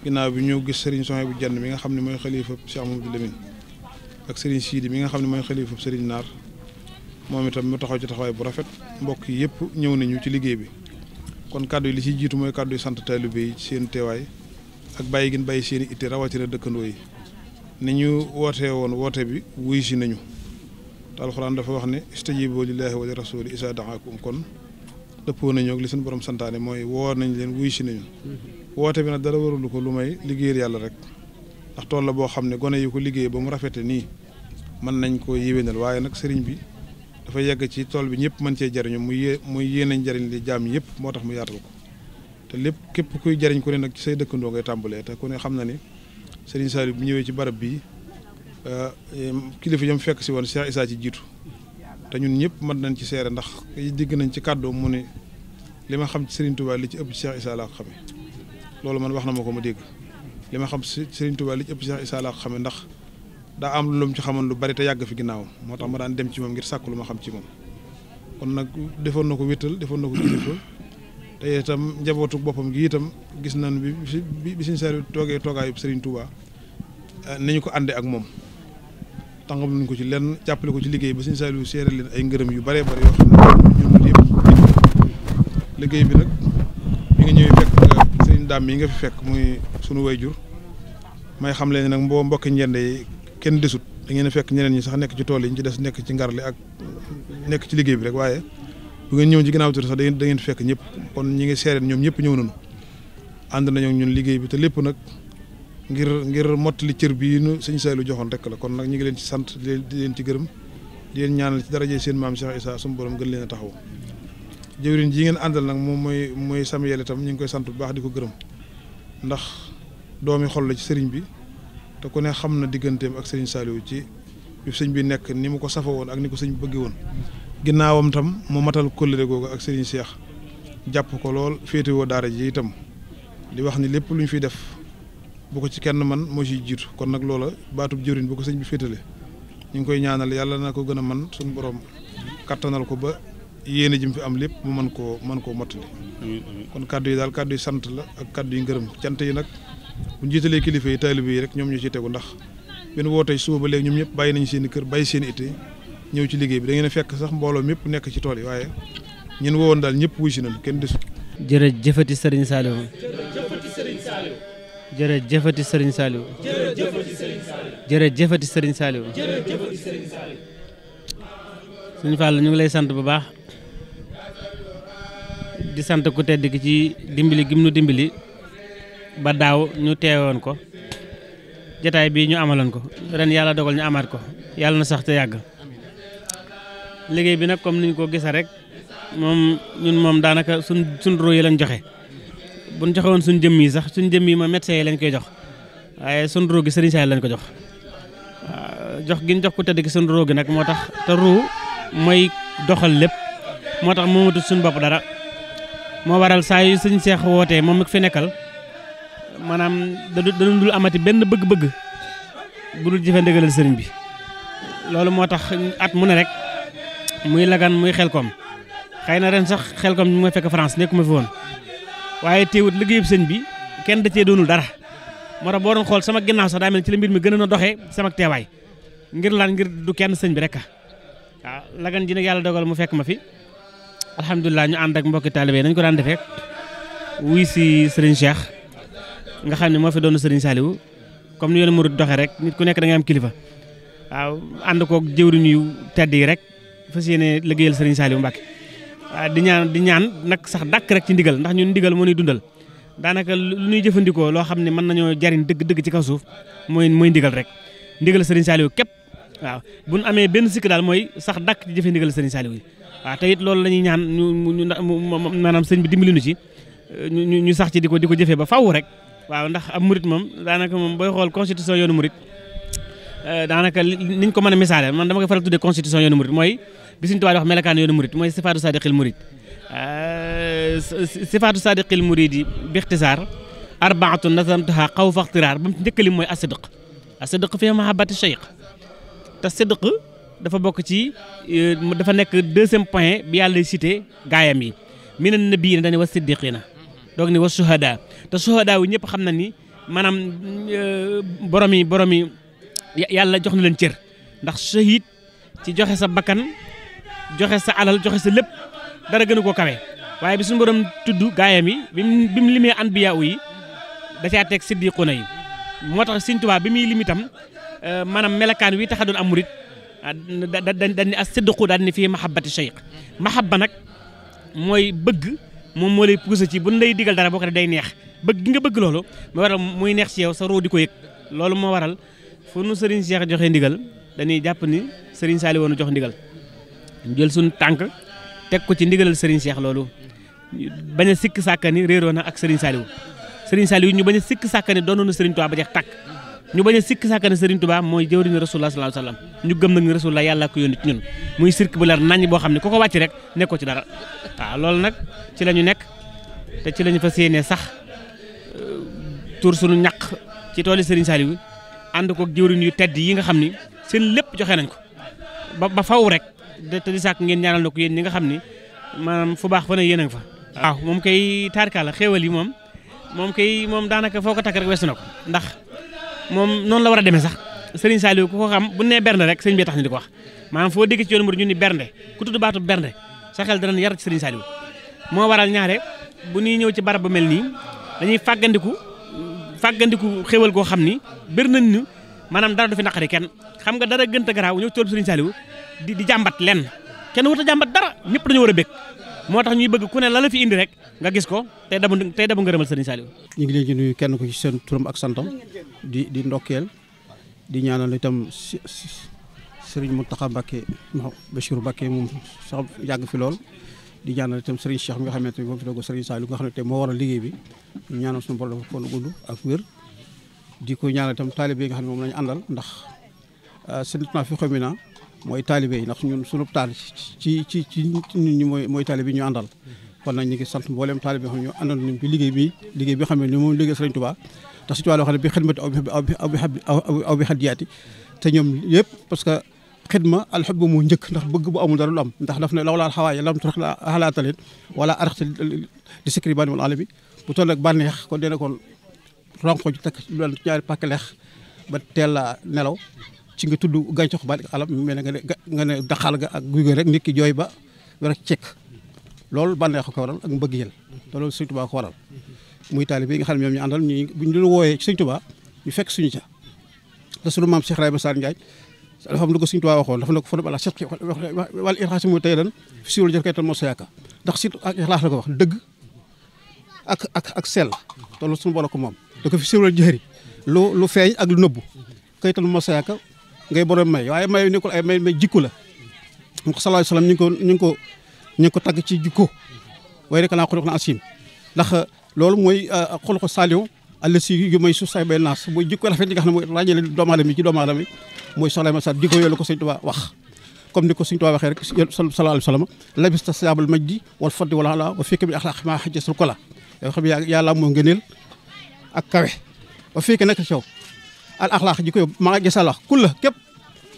ginnaaw bi ñëw gis Serigne Soxna bu Jenn mi nga xam ne mooy xalifa Cheikh Amadou Lamine ak Serigne mi nga xam ne mooy xalifa Serigne Naar moom itam mu taxaw ci taxawaay bu rafet mbokk yi yëpp ñëw nañu ci liggéey bi kon kàddu yi li ci jiitu mooy kàddu sant taalibe yi seen teewaay ak bàyyi gin bàyyi seen i itte rawatina dëkkandoo yi ni ñu wootee woon woote bi wuy si nañu te alxuraan dafa wax ne istajibu lillahi wa li rasuli isa daakum kon dëppoo nañoo li suñu borom santaane mooy woo nañ leen wuy si nañu woote bi nag dara warulu ko lu may liggéeyal yàlla rek ndax tool la boo xam ne gone yu ko liggéey ba mu rafete nii mën nañ koo yéwénal waaye nag sëriñ bi dafa yegg ci tool bi ñëpp mën cee jariñu muy yé muy yéenañ jariñ li jaam yëpp moo tax mu yaatal ko te lépp képp kuy jariñ ko ne nag ci say dëkkandoo ngay tàmbalee te ku ne xam na ni sëriñ Saliou bu ñëwee ci barab bii euh, kilifa yam fekk si woon Cheikh Issa ci jiitu te ñun ñëpp mën nañ ci seere ndax dégg nañ ci kàddoom mu ne li ma xam ci Serigne Touba li ci ëpp ci Cheikh Issa laa ko xamee loolu man wax na ma ko ma dégg li ma xam ci Serigne Touba li ëpp ci Cheikh Issa laa ndax daa am lu ci xamoon lu bari te yàgg fi ginnaaw moo tax ma daan dem ci moom ngir sàkk lu ma xam ci moom kon nag defoon na ko wéttal defoon na ko kilifa te itam njabootu boppam gi itam gis nañ bi bi bi suñu seer toogee toogaay Serigne Touba eh, ni ñu ko àndee ak moom. tàngam luñ ko ci lenn jàppale ko ci liggéey ba sëñ Saliou seere leen ay ngërëm yu bare bëri yoo xam ne ñun yëpp liggéey bi nag bi nga ñëwee fekk nga sëñ daam yi nga fi fekk muy sunu wayjur may xam leen nag mboo mbokki njende yi kenn desut da ngeen fekk ñeneen ñi sax nekk ci tool yi ci des nekk ci ngarle ak nekk ci liggéey rek waaye bu ñëw ci ginnaaw tur sax da ngeen fekk ñëpp kon ñi ngi seereen ñoom ñëpp ñëw nañu ànd nañu ñun liggéey bi te lépp nag ngir ngir mottali cër bii nu sëñ Saliou joxoon rek la kon nag ñu ngi leen ci sant di leen ci gërëm di leen ñaanal ci daraje seen maam Cheikh Issa suñu borom gën leen a taxaw jëwriñ ji ngeen àndal nag moom mooy mooy Samuel itam ñu ngi koy sant bu baax di ko gërëm ndax doomi xol la ci sëriñ bi te ku ne xam na digganteem ak sëriñ Saliou ci bi sëñ bi nekk ni mu ko safa woon ak ni ko sëñ bi bëgge woon ginnaawam tam mu matal kóllëre googu ak sëriñ seex jàpp ko lool féetewoo daara ji itam di wax ni lépp lu ñu fiy def boo ko ci kenn man moo ci jiitu kon nag loola baatub jëriñ bu ko sëñ bi féetale ñu ngi koy ñaanal yàlla na ko gën a man suñu borom kattanal ko ba yéene ji mu fi am lépp mu mën koo mën koo mottali kon kàddu yi daal kàddu yi sant la ak kàddu yi ngërëm cant yi nag bu ñu jiitalee kilifa yi taalibe yi rek ñoom ñoo ciy tegu ndax benn wootee suba ba léegi ñoom ñëpp bàyyi nañu seen kër bàyyi seen i ñëw ci liggéey bi dangeen ngeen fekk sax mbooloo mépp nekk ci tool yi waaye ñun wowoon daal ñëpp wuy si nañu kenn desul jërëjëfati Serigne Saliou jërëjëfati Serigne sëriñ jërëjëfati Serigne Saliou. jërëjëfati Serigne Saliou. ñu ngi lay sant bu baax di sant ku tedd ki ci dimbali gim nu dimbali ba daaw ñu teewoon ko jataay bii ñu amaloon ko ren yàlla dogal ñu amaat ko yàlla na sax te yàgg liggéey bi nag comme niñ ko gisa rek moom ñun moom daanaka suñ suñ roo yi lañ joxe. bu ñu joxewoon suñu jëmm yi sax suñ jëmm yi ma médecin yi lañ koy jox waaye suñu ruu gi sëriñ Saaliw lañ ko jox jox gi ñu jox ku tedd gi nag moo tax te ruu mooy doxal lépp moo tax moomatul suñ bopp dara moo waral saa yu suñ seex wootee moom mi fi nekkal maanaam dañu dul amati benn bëgg-bëgg bu dul jëfe ndigalal sëriñ bi loolu moo tax at mu ne rek muy lagan muy xel koom xay na ren sax xel xelkom bi ma fekk France nekkuma fi woon waaye teewut liggéeyub sëñ bi kenn da cee doonul dara moo boo doon xool sama ginnaaw sax daa mel ci la mbir mi gën a doxee sama teewaay ngir laan ngir du kenn sëñ bi rek ah. lagan ji nag yàlla dogal mu fekk ma fi alhamdulilah ñu ànd ak mbokki taalibe nañ ko daan defee wuy si sëriñ Cheikh nga xam ne moo fi doon Serigne Saliou comme ni yoonu murid doxee rek nit ku nekk da am kilifa. waaw ànd koog jëwriñu tedd yi rek fas yéene liggéeyal Serigne Saliou Mbacke. Ah, di ñaan di ñaan nag sax dàkk rek ci ndigal ndax ñu ndigal moo ñuy dundal daanaka lu ñuy jëfandikoo loo xam ne mën nañoo jariñ dëgg-dëgg ci kaw suuf mooy mooy ndigal rek ndigal sëriñ Saliou képp waaw bu ñu amee benn sikk daal mooy sax dàkk ci jëfe ndigal yi waaw te it loolu la ñuy ñaan ñu maanaam sëñ bi dimbali nu ci euh, ñu ñu sax ci di ko di ko jëfee ba faaw rek waaw ndax ab murit moom daanaka moom booy xool constitution yoonu murit Euh, daanaka niñ ko mën a misaale man dama koy faral tuddee constitution yoonu murit mooy bi Sëriñ Tuubaa di wax melokaan yoonu murit mooy sifaatu sadiqil murit euh, sifaatu sadiqil murit yi bixtisaar arbaatun nazamtuha xaw faxtiraar ba mu ci njëkkali mooy asidq asidq fi mahabbati cheikh te sidq dafa bokk ci euh, dafa nekk deuxième point bi yàlla cité gaayam yi mina nabiyyiina dañu was siddiqiina doog ni was suhadaa te suhadaa wu ñëpp xam na ni maanaam borom yi borom yàlla jox na leen cër ndax shahid ci joxe sa bakkan joxe sa alal joxe sa lépp dara gënu ko kawe waaye bi suñu borom tudd gaayam yi bi mu limee anbiya yi da caa teg siddiquna yi moo tax Sëriñ bi muy lim itam euh, maanaam melakaan wi tax a doon am murit ah, da dañ ne as siddiqu daal ni fii mahabbati cheikh mahabba nag mooy bëgg moom moo lay poussé ci bu lay digal dara boo ko day neex bëgg gi nga bëgg loolu moo waral muy neex ci yow sa roo di ko yëg loolu moo waral fu nu Serigne Cheikh joxe ndigal dañuy jàpp ni Serigne Saliou woon jox ndigal jël suñu tànk teg ko ci ndigalal Serigne seex loolu bañ a sikk sàkka ni réeroo na ak Serigne Saliou Serigne Saliou ñu bañ a sikk sàkka ni doonoon na Serigne Touba ba jeex tàkk ñu bañ a sikk sàkka ni Serigne mooy jëwriñu Rasulullah sallallahu alayhi wasallam ñu gëm nag ni Rasulullah yàlla ko yónni ci ñun muy sirk bu leer naññ boo xam ne ku ko wàcc rek nekkoo ci dara waaw loolu nag ci la ñu nekk te ci la ñu fas sax euh, tuur suñu ñaq ci tooli Serigne Saliou ànd ko jëwriñ yu tedd yi nga xam ni seen lépp joxe nañ ko ba ba faw rek te di sàkk ngeen ñaaral na ko yéen ñi nga xam ni maanaam fu baax fa ne a ngi fa. waaw moom kay taarkaala xéewal yi moom moom kay moom daanaka foo ko takk rek weesu na ko ndax moom noonu la war a deme sax Serigne Saliou ku ko xam bu nee bernde rek sëñ bi tax ñu di ko wax maanaam foo dégg ci yoonu murid ñu ni bernde ku tudd baatu bernde sa xel danañ yar ci Serigne Saliou moo waral ñaare bu ñuy ñëw ci barab bu mel nii dañuy fàggandiku. fàggandiku xéwal goo xam ni bëri nañ ñu maanaam dara du fi naqari kenn xam nga dara gënt a garaaw ñëw tool Serigne Saliou di di jàmbat lenn kenn wut jàmbat dara ñëpp dañu war a bëgg moo tax ñuy bëgg ku ne la la fi indi rek nga gis ko tey dabu tey dabu ngërëmal Serigne Saliou. ñu ngi leen di nuyu kenn ko ci seen turam ak santam di di ndokkeel di ñaanal itam Serigne Mountakha Mbacké Bachir Mbacké moom sax yàgg fi lool. di ñaanal itam Serigne Cheikh mi nga xamante ne moom fi doog Serigne Saliou nga xam ne moo waral liggéey bi ñu ñaanal suñu borom yi nga xam ne ah, na mooy taalibe yi ndax ci ci ci nit mooy mooy taalibe ñu àndal kon nag ñu ngi sant mboolem taalibe yoo xam ne ñoo àndal ñun bi liggéey bi liggéey bi xam ni moom liggéey Serigne Touba ndax si tuwaa xam bi xidmati aw aw bi aw te ñoom yëpp xidma alxubba mu njëkk ndax bëgg bu amul dara lu am ndax daf ne lawlaal xawaaya lam la xalaataleen wala araxte di sikri bani wal alami bu toll ak bànneex kon dina kon ronko ju takk lu ñaari pàkk leex ba teel a nelaw ci nga tudd gàncax bari alam mel ne nga ne nga ne daxal ga ak guy rek nit jooy ba rek cekk loolu bànneex ko waral ak mbëgg yel te loolu Sëñ Tuubaa ko waral muy taalibe yi nga xam ne ñoom ñu àndal ñu buñ dul wooyee ci Sëñ ñu fekk suñu ca la sunu maam Cheikh Rayba Sar Ndiaye dafa am lu ko Sëriñ Tuubaa waxoon dafa ne ko fa ala sirqi wal ixlaas mu tey lan siwul jëf kaytal moo sa yaakaar ndax sirqu ak ixlaas la ko wax dëgg ak ak ak sell toll suñu boole ko moom da ko fi siwul jëri lu lu feeñ ak lu nëbbu kaytal moo sa yaakaar ngay borom may waaye may nekkul ay may may jikko la mu ko sallallahu alayhi wasallam ñu ngi ko ñu ngi ko ñu ko tagg ci jikko waaye rek laa xuluq na asim ndax loolu mooy euh, xuluq saaliw àll si yu may suuf sax bay naas mooy jikko rafet mooy ràññale sa jikko yooyu la ko sëñ Tuubaa wax comme ni ko sëñ Tuubaa waxee rek sallallahu alayhi wa sallam labista saabal majdi wal faddi wala ala wa fikka bi axlaaq maa xajjasul ak kawe wa fikka nekk ci yow al axlaaq jikko yow maa wax kul la képp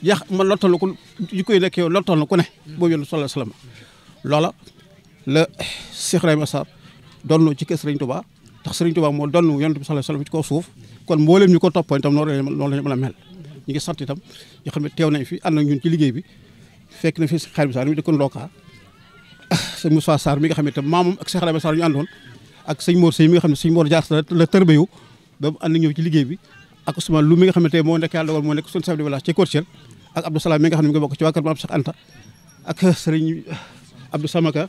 yax ma lottal na ku jikko yi nekk yow na ku ne boobu yolu sallallahu loola la Cheikh Ibrahima Sarr doon ci kër Sëriñ Tuubaa ndax Serigne Touba moo donn yonent bi sallallahu alayhi wasallam ci kaw suuf kon mboolem ñu ko toppoon itam noonu la noonu la mën a mel ñu ngi sant itam yoo xam ne teew nañ fi ànd ak ñun ci liggéey bi fekk na fi xaar bi Sarr mi dëkkoon Loka sëñ Moussa Sarr mi nga xam ne itam maamam ak Cheikh Rabi Sarr ñu àndoon ak sëñ Mor Sey mi nga xam ne sëñ Mor Jaar la tërbeyu ba mu ànd ak ñëw ci liggéey bi ak Ousmane Lu mi nga xam ne tey moo nekk yàlla dogal moo nekk suñu chef de village ci Kortiel ak Abdou Salam mi nga xam ne mi nga bokk ci waa kër Maam Cheikh Anta ak sëriñ Abdou Samaka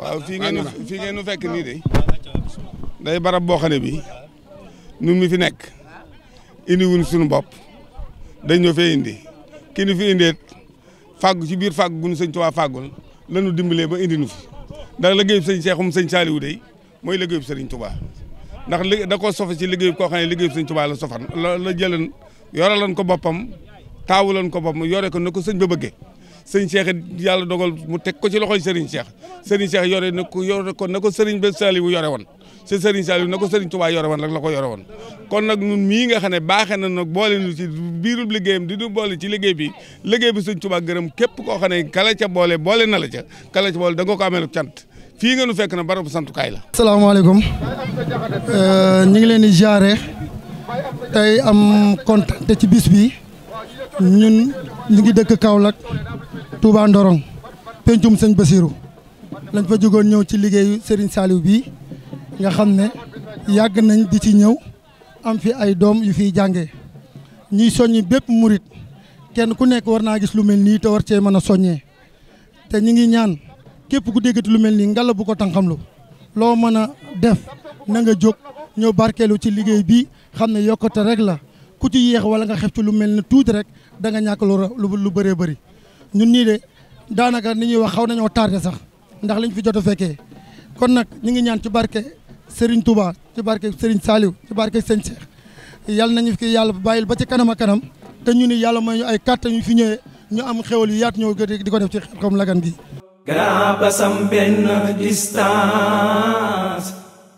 waaw fii ngeen fii ngeen nu fekk nii de day barab boo xam ne bi nun mi fi nekk indi wuñ suñu bopp dañ ñoo fee indi ki nu fi indeet ci biir faag gu nu sëñ Tuubaa fàggul lanu dimbalee ba indi nu fi ndax liggéeyub sëñ Seexum sëñ Saaliwu de mooy liggéeyub sëriñ Tuubaa ndax li da koo sofa ci liggéeyub koo xam ne liggéeyub sëñ Tuubaa la sofan la jëlan yoralan ko boppam taawulan ko boppam yore ko na ko sëñ ba bëggee sëriñ Cheikh yàlla dogal mu teg ko ci loxoy sëriñ Cheikh sëriñ Cheikh yore na ko yore ko na ko sëriñ ba Saliou yore woon si sëriñ Saliou na ko sëriñ Touba yore woon rek la ko yore woon kon nag ñun mii nga xam ne baaxee na nag boole ñu ci biirub liggéeyam di du boole ci liggéey bi liggéey bi sëriñ Touba gërëm képp koo xam ne kala ca boole boole na la ca kala ca boole da nga ko amee lu cant fii nga nu fekk na barabu santukaay la. asalaamaaleykum euh, ñu ngi leen di jaare am kontaan ci bi ñun ñu ngi dëkk Touba Ndorong pencum sëñ Basirou lañ fa jógoon ñëw ci liggéeyu Serigne Saliou bi nga xam ne yàgg nañ di ci ñëw am fi ay doom yu fiy jànge ñuy soññi bépp murit kenn ku nekk war naa gis lu mel nii te war cee mën a soññee te ñu ngi ñaan képp ku déggati lu mel nii ngalla bu ko tànqamlu loo mën a def na nga jóg ñëw barkeelu ci liggéey bi xam ne yokkute rek la ku ci yéex wala nga xef ci lu mel ni tuuti rek danga nga ñàkk lu lu bëree bëri ñun ñii de daanaka ni ñuy wax xaw nañoo tardé sax ndax liñ fi jot a fekkee kon nag ñu ngi ñaan ci barke Serigne Touba ci barke Serigne Saliou ci barke Serigne Cheikh yàlla nañu fi bàyyil ba ci kanam kanam te ñu ni yàlla mooy ay kàttan ñu fi ñëwee ñu am xéwal yu yaatu ñëw di ko def ci xam lagan gi Grand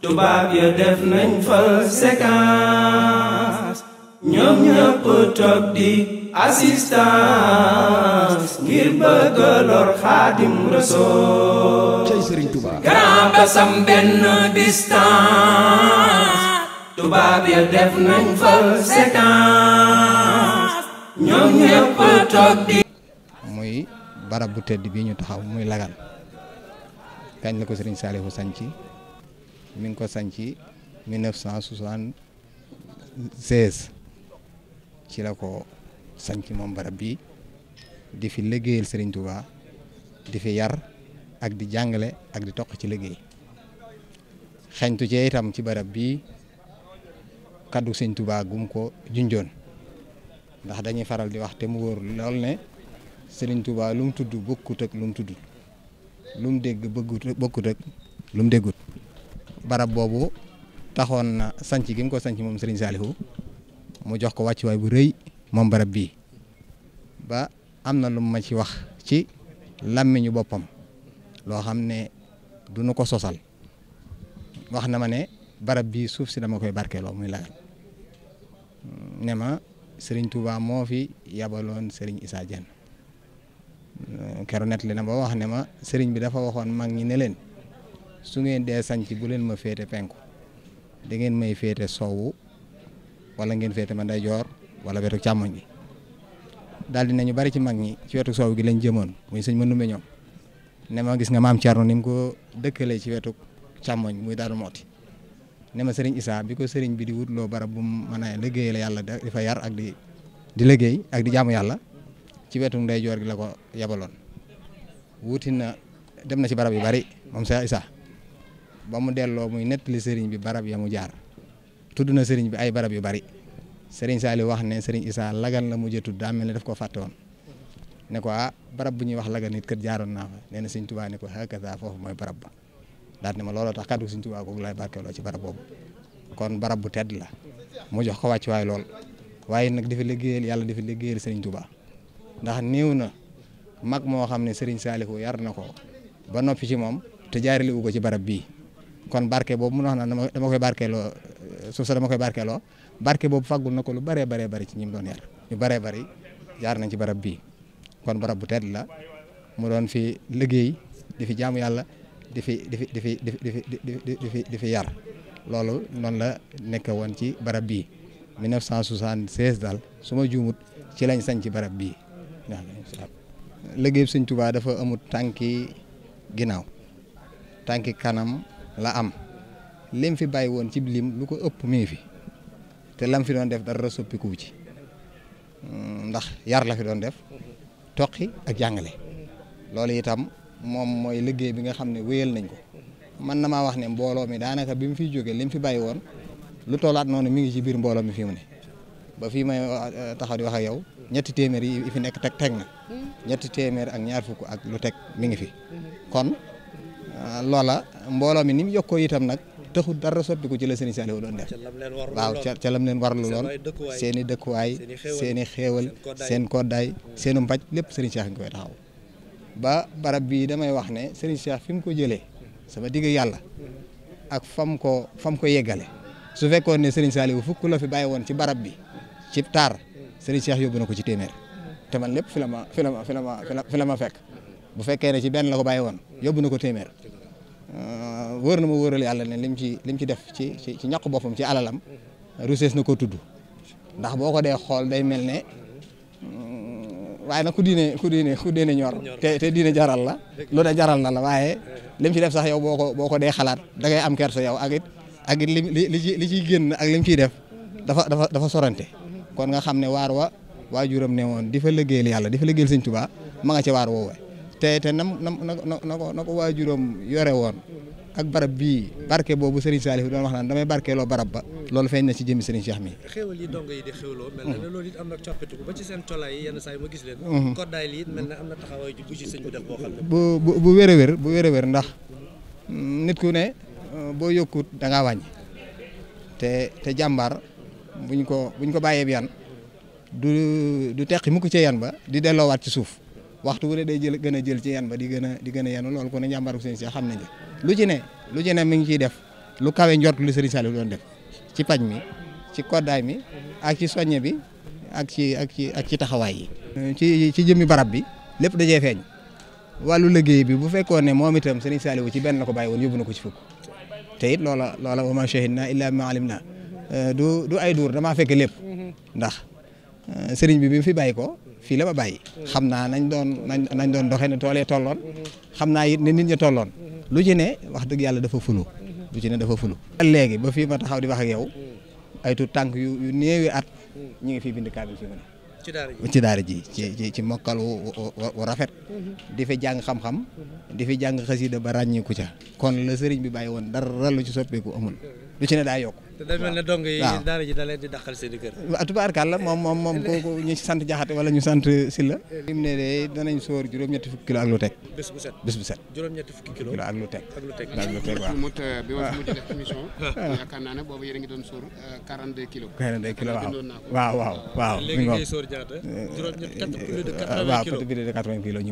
tubaab ya def nañ fa séquence ñoom ñëpp toog di assistance ngir bëgg lor xaadim rasool grand basam benn distance tubaab ya def nañ fa séquence ñoom ñëpp toog di muy barab bu tedd bi ñu taxaw muy lagan kañ la ko sëriñ Saalihu sanci mi ngi ko sanci 1976 ci la ko sanc moom barab bii di fi liggéeyal Serigne Touba di fi yar ak di jàngale ak di toq ci liggéey xeñtu ce itam ci barab bii kaddu Serigne Touba gum ko junjoon ndax dañuy faral di wax te mu wóor lool ne Serigne Touba lu mu tudd bokkut ak tudd lu mu dégg bëggut barab boobu taxoon na sanc gi ko sanc moom Serigne Saliou mu jox ko wàccuwaay bu rëy moom barab bii ba am na lu ma ci wax ci làmmiñu boppam loo xam ne du nu ko sosal wax na ma ne barab bii suuf si dama koy barkeeloo muy lagal mm, ne ma sëriñ Touba moo fi yabaloon sëriñ Issa Diène mm, kero li na ba wax ne ma sëriñ bi dafa waxoon mag ñi ne leen su ngeen dee sanc bu leen ma féete penku da ngeen may féete sowwu walla ngeen féete ma ndeyjoor wala wetu càmmoñ gi daal di ñu bari ci mag ñi ci wetu soow gi lañ jëmoon muy sëñ Mandumbe ñoom ne ma gis nga maam Thierno ni mu ko dëkkalee ci wetu càmmoñ muy Daaru Mooti ne ma sëriñ Issa bi ko sëriñ bi di wutloo barab bu mu mën a liggéey la yàlla di fa yar ak di di liggéey ak di jaamu yàlla ci wetu ndeyjoor gi la ko yabaloon wuti na dem na si barab yu bari moom Cheikh Issa ba mu delloo muy nettali sëriñ bi barab ya mu jaar tudd na sëriñ bi ay barab yu bari Serigne Saliou wax ne Serigne Issa lagan la mujjee tudd daa ne def ko fàtte ne ko ah barab bu ñuy wax lagan nit kër jaaroon naa fa nee na Serigne ne ko hakaza foofu mooy barab ba daal ne ma looloo tax kàddu Serigne Touba googu laay barkeeloo ci barab kon barab bu tedd la mu jox ko wàccuwaay lool waaye nag dafa liggéeyal yàlla dafa liggéeyal Serigne Touba ndax néew na mag moo xam ne Serigne Saliou yar na ko ba noppi ci moom te jaarale ko ci barab bii kon barke boobu mu wax na dama koy barkeeloo suuf sa dama koy barke boobu fàggul na ko lu baree baree bari ci ñi mu ñu bëree bëri jaar nañ ci barab bii kon barab bu tedd la mu doon fi liggéey di fi jaamu yàlla di fi di fi di fi di fi di fi di fi yar loolu noonu la nekk woon ci barab bii 1976 daal su ma juumut ci lañ sañ ci barab bii liggéey Sëñ Tuubaa dafa amut tànki ginnaaw tànki kanam la am lim fi bàyyi woon ci lim lu ko ëpp mi fi te lam fi doon def dara soppikuwu ci mm, ndax yar la fi doon def toqi ak jàngale loolu itam moom mooy liggéey bi nga xam ne wéyal nañ ko man na maa wax ne mbooloo mi daanaka bi mu fiy jógee li mu fi bàyyi woon lu toolaat noonu mi ngi ci biir mbooloo mi fi mu ne ba fii may eh, taxaw di wax ak yow ñetti téeméer yi fi nekk teg teg na ñetti téeméer ak ñaar fukk ak lu teg mi ngi fi kon eh, loola mbooloo mi ni mu yokkoo itam nag taxul dara sotti ko ci la sëriñ Saliou doon def waaw ca ca lam leen seen i seen i koddaay seenu mbaj lépp sëriñ Cheikh nga koy taxaw ba barab bii damay wax ne sëriñ Cheikh fi mu ko jëlee sama digg yàlla ak fam ko fam ko yeggale su fekkoon ne sëriñ Saliou fukk la fi bàyyi woon ci barab bi ci taar sëriñ Cheikh yóbbu na ko ci téeméer te lépp fi la ma fi la ma fekk bu fekkee ne ci benn la ko bàyyi woon yóbbu ko téeméer wóor na ma wóoral yàlla ne lim ci lim ci def ci ci ci ñàkk boppam ci alalam rusees na ko tudd ndax boo ko dee xool day mel ne mm, waaye nag ku diine ku diine ku diine ñor te diine jaral la lu ne jaral na la waaye lim ci def sax yow boo ko boo ko dee xalaat da ngay am kersa yow ak it ak it li ci ciy génn ak lim ciy def dafa dafa dafa sorante kon nga xam ne waar wa waajuram ne woon di fa liggéeyal yàlla di fa liggéeyal sëñ Tuubaa ma nga ci waar woowee te te nam nam na ko na ko waajuram yore woon ak barab bii barke boobu Serigne Saliou doon wax naan damay barkeeloo barab ba loolu feeñ na ci jëmmi Serigne Cheikh mi. xéwal yi dong yi di xéwloo. mel na mm-hmm. loolu it am na coppitiku ba ci seen colaay yi yenn saa yi ma mm-hmm. na am na taxawaay bu ci sëñ bi def bu bu bu wér a wér a wér ndax mm, nit ku ne uh, boo yokkut danga ngaa te te jàmbaar buñ ko buñ ko bàyyee bi yan du du teqi mukk ci yan ba di delloowaat ci suuf. waxtu wu ne day jël gën a jël ci yen ba di gën a di gën a yenu loolu ko ne njàmbaru sëñ si xam nañu lu ci ne lu ci mi ngi ciy def lu kawe njort lu sëriñ Saliou doon def ci paj mi ci koddaay mi ak ci soññe bi ak ci ak ci ak ci taxawaay yi. ci ci jëmmi barab bi lépp dajee feeñ wàllu liggéey bi bu fekkoon ne moom itam sëriñ Saliou ci benn la ko bàyyi woon yóbbu na ko ci fukk te it loola loola wa ma shahidna illa ma alimna euh, du ay duur damaa fekk lépp mhm. ndax euh, sëriñ bi bi fi bàyyi ko fii ba ma bàyyi xam naa nañ doon nañ nañ doon doxee ne tool yi tolloon xam naa it ne nit ñi tolloon lu ci ne wax dëgg yàlla dafa fulu lu ci ne dafa fulu léegi ba fi ma taxaw di wax ak yow ay tu tànk yu yu néewi at ñu ngi fii bind kaamil ci daara ji ci ci ci mokkal wu rafet di fi jàng xam-xam di fi jàng xasida ba ràññiku ca kon la sëriñ bi bàyyi woon dara lu ci soppeeku amul lu ci ne daa yokk. te day mel ne dong yi daara ji da leen di dàqal seen kër. moom moom moom kooku ñu sant jaxate wala ñu sant Silla. lim ne juróom-ñetti fukki kilo ak lu teg. bu set bés bu set. juróom-ñetti fukki kilo ak lu teg ak lu teg waaw. a ngi euh, waaw waaw euh, ñu ngi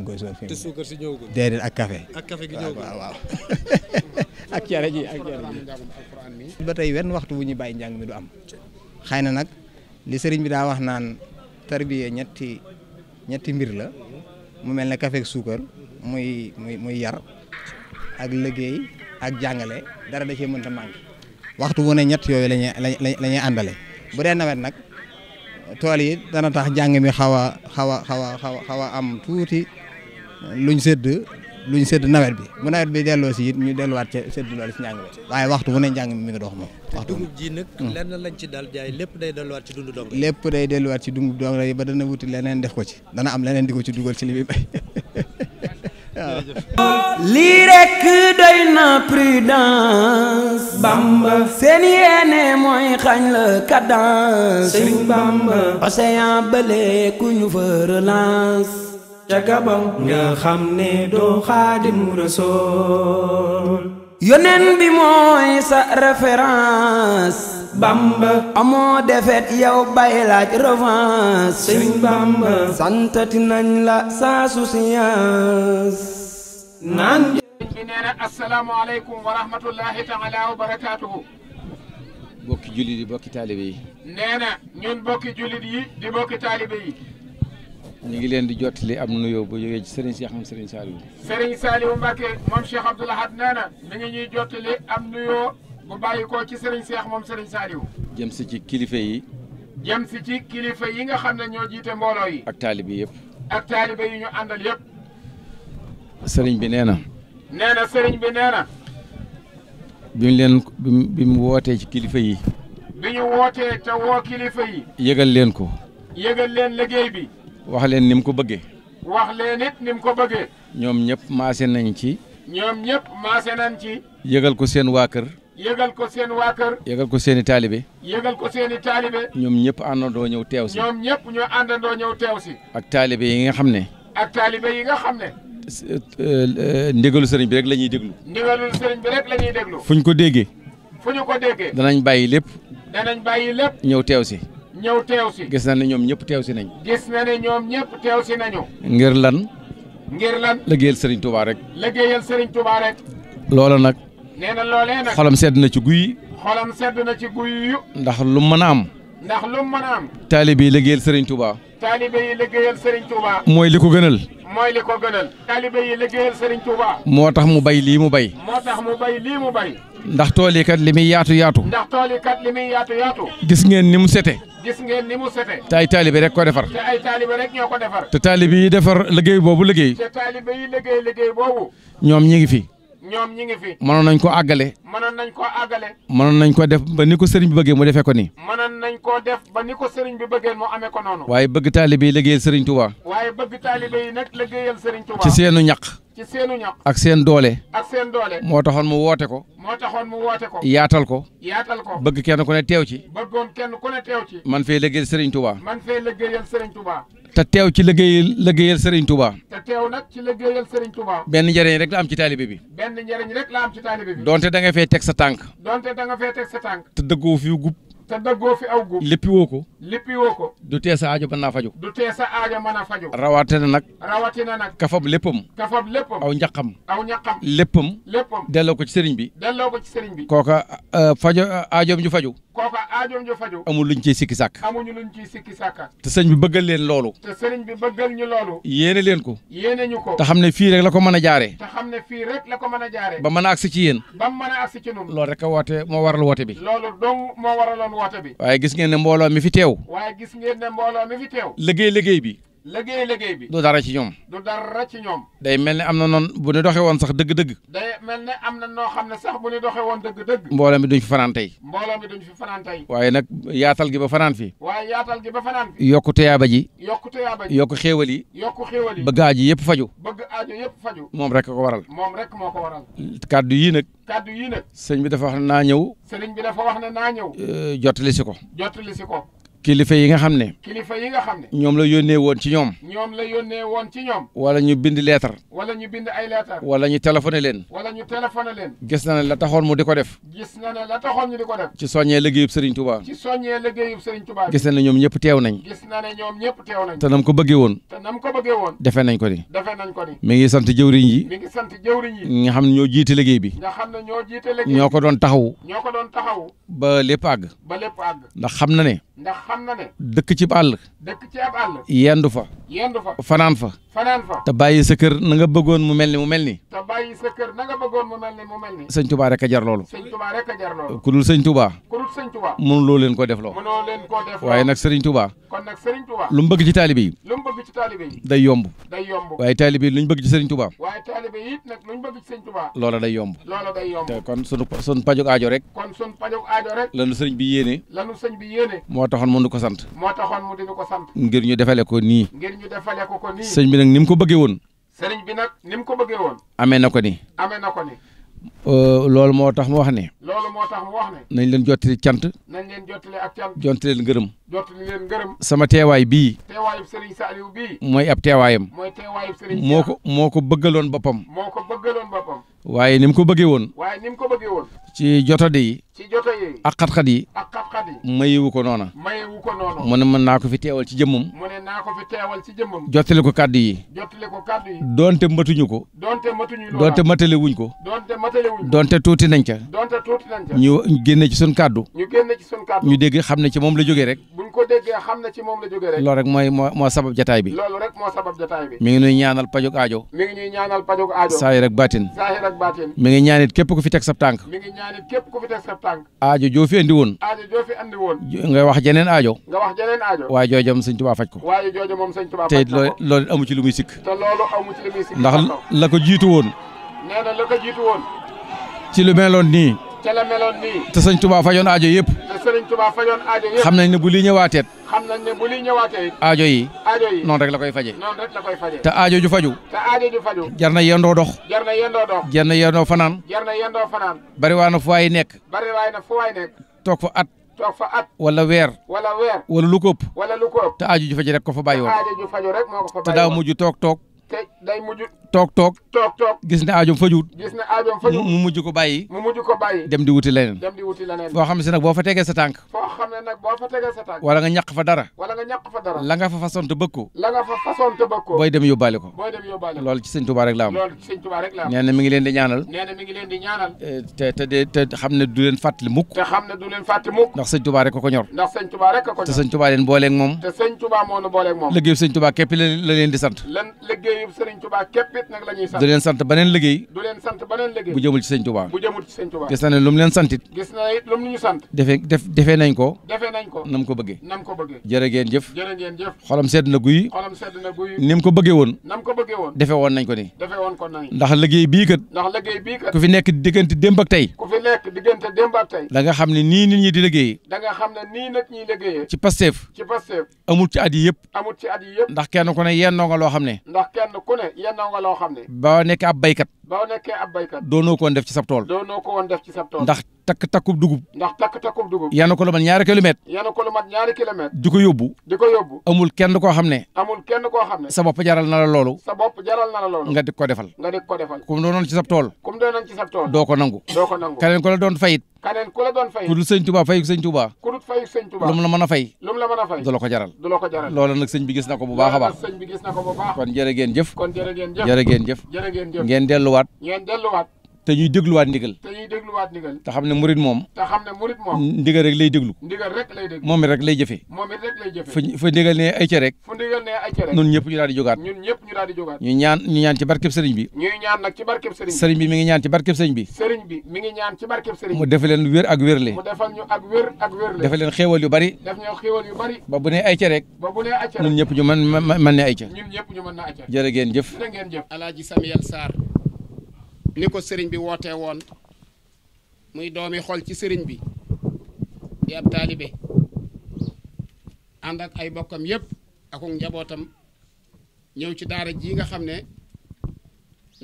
koy sóor fii. te suukar si ñëwagul. ak café. ji ak cere ji ba tey wenn waxtu wu ñu bàyyi njàng mi du am xëy na nag li sëriñ bi daa wax naan tarbiya ñetti ñetti mbir la mu mel ne kafeeg suukar muy muy muy yar ak liggéey ak jàngale dara da cee mënta manqué waxtu wu ne ñett yooyu lañuy la ñuy àndale bu dee nawet nag tool yi dana tax jàng mi xaw a xaw a xaw a xaw a am tuuti luñ sëdd luñ sédd nawet bi bu nawet bi delloo si it ñu delluwaat ca sédd loolu si njàng mi waaye waxtu bu ne njàng mi mi ngi dox moom waxtu dugub ji nag hmm. lenn lañ ci daal jaay lépp day delluwaat ci dundu dong lépp day delluwaat ci dundu dong yi ba dana wuti leneen def ko ci dana am leneen di ko ci dugal ci li muy bay lii rekk doy na prudence bamba seen yéene mooy xañ la cadence bamba océan bële ku ñu fa relance ca gabon nga xam ne doo xaadimu rasool yoneen bi mooy sa référence bamba amoo defet yow bay laaj revanche sëñ bamba santati nañ la sa souciance naan ci nee na asalaamaaleykum wa wa barakaatuhu bokki jullit yi bokki bokki jullit di bokki taalibe ñu ngi leen di jottali am nuyoo bu jógee ci Serigne Cheikh moom Serigne Saliou. Serigne Saliou Mbacke moom Cheikh Abdoul Ahad nee na mi ngi ñuy jottali am nuyoo bu bàyyi ci Serigne Cheikh moom sëriñ Saliou. jëm si ci kilifa yi. jëm si ci kilifa yi nga xam ne ñoo jiite mbooloo yi. ak taalibe yëpp. ak taalibe yi ñu àndal yëpp. Serigne bi nee na. sëriñ na Serigne bi nee bi mu wootee ci kilifa yi. bi ñu wootee te woo kilifa yi. yëgal leen ko. yëgal leen liggéey bi. wax leen ni mu ko bëggee. wax ni mu ko bëggee. ñoom ñëpp maase nañ ci. ñoom ñëpp maase nañ ci. yëgal ko seen waa kër. yëgal ko seen waa kër. yëgal ko seen i taalibe. yëgal ko seen i ñoom ñëpp àndandoo ñëw teew si. ñoom ñëpp ñoo àndandoo ñëw teew si. ak taalibe yi nga xam ne. ak taalibe yi nga xam ne. Euh, euh, ndigalu sëriñ bi rek la ñuy déglu. ndigalu sëriñ bi rek la déglu. fu ñu ko déggee. fu ñu ko déggee. danañ bàyyi lépp. danañ bàyyi lépp. ñëw teew si. ñëw teew si. gis na ne ñoom ñëpp teew si nañ. gis na ne ñoom ñëpp teew si nañu. ngir lan. ngir lan. liggéeyal Serigne Touba rek. liggéeyal Serigne Touba rek. loola nag. nee na loolee nag. xolam sedd na ci guy. xolam sedd na ci guy yu. ndax lu mën a am. ndax lu mën a am. taalibe yi liggéeyal Serigne Touba. taalibe yi liggéeyal Serigne Touba. mooy li ko gënal. mooy li ko gënal. taalibe yi liggéeyal Serigne Touba. moo tax mu bay lii mu bay. moo tax mu bay lii mu bay. ndax tool yi kat li muy yaatu yaatu. ndax gis ngeen ni mu sete. gis ngeen ni mu sete. te ay taalibe rek ko defar. te ay taalibe rek ñoo ko defar. te taalibe yi defar liggéey boobu liggéey. te taalibe yi liggéey liggéey boobu. ñoom ñi ngi fi. ñoom ñi ngi fi. mënoon nañ ko àggale. mënoon nañ ko àggale. mënoon nañ ko def ba ni ko sëriñ bi bëggee mu defee ko nii. mënoon nañ koo def ba ni ko sëriñ bi bëggee mu amee ko noonu. waaye bëgg taalibe yi liggéeyal sëriñ Touba. waaye bëgg taalibe yi nag liggéeyal sëriñ Touba. ci seenu ñaq. ci seenu ñaq ak seen doole. ak seen doole. moo taxoon mu woote ko. moo taxoon mu woote ko. yaatal ko. yaatal ko bëgg kenn ku ne teew ci. bëggoon kenn ku ne teew ci. man fee liggéeyal Serigne Touba. man fee liggéeyal Serigne Touba. te teew ci liggéeyal liggéeyal Serigne Touba. te teew nag ci liggéeyal Serigne Touba. benn njëriñ rek la ci taalibe bi. benn njëriñ rek la am ci taalibe da nga fee teg sa tànk. donte da nga fee teg sa tànk. te dëggoo fi gub. te daggoo fi aw góob léppi woo ko léppi woo ko du tee sa aajo mën naa faju du tee aajo mën a faju rawatina nag rawatina nag kafab léppam aw njaqam aw njaqam léppam léppam ko ci sëriñ bi delloo ko ci sëriñ bi kooka euh, fajo euh, aajoom ju faju kooka aajoom ju faju amul luñ ciy sikki sàkk amuñu luñ ciy sikki sàkka te sëriñ bi bëggal leen loolu te sëriñ bi bëggal ñu loolu yéene leen ko yéene ñu ko te xam ne fii rek la ko mën a jaaree te xam ne fii rek la ko mën a jaaree ba mën a agsi ci yéen ba mën a agsi ci ñun loolu rek a woote moo waral woote bi loolu dong woote bi. waaye gis ngeen ne mbooloo mi fi teew. waaye gis ngeen ne mbooloo mi fi teew. liggéey liggéey bi. liggéey liggéey bi. du dara ci ñoom. du dara ci ñoom. day mel ne am na noon bu ñu doxee woon sax dëgg-dëgg. day mel ne am na noo xam ne sax bu ñu doxee woon dëgg-dëgg. mbooloo mi duñ fi fanaan tey. mbooloo mi duñ fi fanaan tey. waaye nag yaatal gi ba fanaan fi. waaye yaatal gi ba fanaan fi. yokku ji. yokku tuyaaba ji yokku yi. yokku xéewal yi bëgg aaji yëpp faju. bëgg aajo yëpp faju. moom rek ko waral. moom rek moo ko waral. kaddu yii nag. kaddu yii nag. sëñ bi dafa wax ne naa ñëw. sëriñ bi dafa wax na naa ñëw. jottali si ko. jottali si ko. kilifa yi nga xam ne. kilifa yi nga xam ne. ñoom la yónnee woon ci ñoom. ñoom la yónnee woon ci ñoom. wala ñu bind leetar. wala ñu bind ay leetar. wala ñu téléphoné leen. wala ñu téléphoné leen. gis na ne la taxoon mu di ko def. gis na ne la taxoon ñu di ko def. ci soññee liggéeyub Serigne Touba. ci soññee liggéeyub Serigne Touba. gis na ne ñoom ñëpp teew nañ. gis na ne ñoom ñëpp teew nañ. te nam ko bëggee woon. te nam ko bëggee woon. defee nañ ko ni. defee nañ ko ni. mi ngi sant jëwriñ yi. mi ngi sant jëwriñ yi. nga xam ne ñoo jiite liggéey bi. nga xam ne ñoo jiite liggéey bi. ñoo ko doon taxaw. ñoo ko doon taxaw. ba lépp àgg. ba lépp àgg. ndax xam na ne ndax xam na ne. dëkk cib àll. dëkk ci ab àll. fa. yendu fa fanaan fa. fanaan fa te bàyyi sa kër na nga bëggoon mu mel ni mu mel ni te bàyyi sa kër na bëggoon mu mel ni mu mel ni sëñ Touba rek a jar loolu a jar loolu ku dul sëñ Touba ku dul sëñ Touba mënuloo leen koo def loo waaye nag sëriñ Touba kon nag sëriñ Touba lu mu bëgg ci taalibe yi lu mu bëgg ci taalibe yi day yomb day yomb waaye taalibe yi lu ñu bëgg ci sëriñ Touba waaye taalibe yi nag lu ñu bëgg ci sëñ Touba loola day yomb loola day yomb te kon sunu sunu pajog aajo rek kon sunu pajog aajo rek lanu sëriñ bi yéene lanu sëñ bi yéene moo taxoon mu di ko sant moo taxoon mu di ko sant ngir ñu defale ko nii ngir ñu nag ni mu ko bëggee woon. sëriñ bi nag ni ko bëggee woon. amee na ko ni. amee na ko ni. Euh, loolu moo tax mu wax ne. loolu moo tax mu wax ne. nañ leen jottali cant. nañ leen jottali ak cant. jottali leen ngërëm. jot ni sama teewaay bii teewaayu Serigne Saliou bii mooy ab teewaayam mooy moo ko moo ko bëggaloon boppam moo ko bëggaloon waaye ni ko bëggee woon waaye ni ko bëggee woon ci jotade yi jota yi ak xat-xat yi ak xat-xat yi mayewu ko noona mayewu ko noona mu ne mën naa ko fi teewal ci jëmmam mu naa ko fi teewal ci jëmmam ko kàddu yi jottali ko kàddu yi doonte matuñu ko doonte matuñu loola doonte wuñ ko doonte matale tuuti nañ ca doonte ñu génne ci sun kàddu ñu ñu dégg xam ne ci moom la jógee rek buñ ko xam na ci moom la jógee rek. loolu rek moo moo sabab jataay bi. loolu bi. mi ngi nuy ñaanal pajuk aajo. mi ngi ñuy ñaanal pajuk aajo. saahir ak baatin. saahir ak mi ngi ñaanit képp ku fi teg sab tànk. képp ku fi teg sab aajo joo fi andi woon. aajo joo fi andi nga wax jeneen aajo. nga wax jeneen waaye jooja moom sëñ Tuubaa faj ko. waaye jooja moom sëñ Tuubaa faj ko. loolu amu ci lu sikk. te loolu amu ndax la jiitu woon. nee lu meloon nii ca la meloon nii. yëpp. te sëñ Touba xam nañ ne bu lii ñëwaateet. xam nañ ne bu lii ñëwaateet. aajo yi. aajo yi noonu la koy faje noonu rek te aajo ju faju. te aajo ju faju. jar na yendoo dox. jar yendoo fanaan. jar na yendoo fanaan. bari waa na fu waay nekk. bari waay na fu waay nekk. toog fa at. toog weer wala weer wala lu wala lu ko te aaju ju faju rek ko fa bàyyi woon te rek ko fa bàyyi woon te daa mujj toog toog te day mujj toog toog toog toog gis ne aajoom fajuut fajuut mu mujj ko bàyyi mu mujj ko bàyyi dem di wuti leneen dem di wuti leneen foo xam ne si nag boo fa tegee sa tànk xam ne nag boo fa tegee sa tànk wala nga ñàq fa dara wala fa la nga fa façon te bëgg ko la nga fa façon te bëgg ko booy dem yóbbaale ko booy dem yóbbaale ko loolu rek la am loolu mi ngi leen di ñaanal nee na eh, te xam ne du leen fàttali mukk te xam ne du leen fàttali ndax sëñ Tuubaa rek ko ko ñor ndax sëñ rek ko ko te sëñ Tuubaa leen booleeg moom te sëñ di sant lan liggéeyu bépp nag la ñuy sant. du leen sant beneen leen sant bu jëmul ci sëñ Touba. bu jëmul leen sant it. gis ñu sant. defee def nañ ko. defee nañ nam ko bëggee. nam ko bëggee. jërë ngeen jëf. jërë ngeen jëf. xolam sedd na ko bëggee woon. nam ko bëggee woon. defee woon nañ ko nii. defee woon ko nañ. ndax liggéey bii kat. ndax liggéey ku fi nekk diggante démb tey. ku fi nekk diggante démb tey. da nga xam ni nii nit ñi di liggéey. da nga xam ne nii nit ñi liggéeyee. ci Pastef. ci Pastef. amul ci at yi ci at yi yëpp. ndax kenn ku ne yennoo loo xam ne. ndax kenn ku ne yennoo loo xam ne. ba nekk baykat boo nekkee ab béykat. doonoo ko woon def ci sab tool. doonoo ko woon def ci sab tool. ndax takk takkub dugub. yana ko lu mat ñaari kilomètre. di ko yóbbu. amul kenn koo xam ne. amul kenn koo xam ne. sa bopp jaral na la loolu. sa bopp ko defal. kum doonoon ci sab doo ko nangu. doo ko la doon fayit. kaneen ku la doon fay. ku dul Tuba fayu sëñ Tuba. ku dul fayu a fay. lu mu la mën a fay ko jaral. du la ko jaral loolu nag sëñ bi gis na ko bu baax bi gis na ko bu baax. kon jërë ngeen jëf. kon jërë ngeen jëf. jërë ngeen jëf. jërë ngeen jëf. delluwaat. ngeen delluwaat. te ñuy dégluwaat ndigal. te ñuy dégluwaat ndigal. te xam ne murit moom. te xam ne murit moom. ndigal rek lay déglu. ndigal rek lay déglu moom it rek lay jëfee. moom it rek lay jëfee. ne ay rek. fu ndigal ñu daal ne ay ca jëf. ni ko sëriñ bi wootee woon muy doomi xol ci sëriñ bi di ab taalibe ànd ak ay bokkam yépp ak njabootam ñëw ci daara ji nga xam ne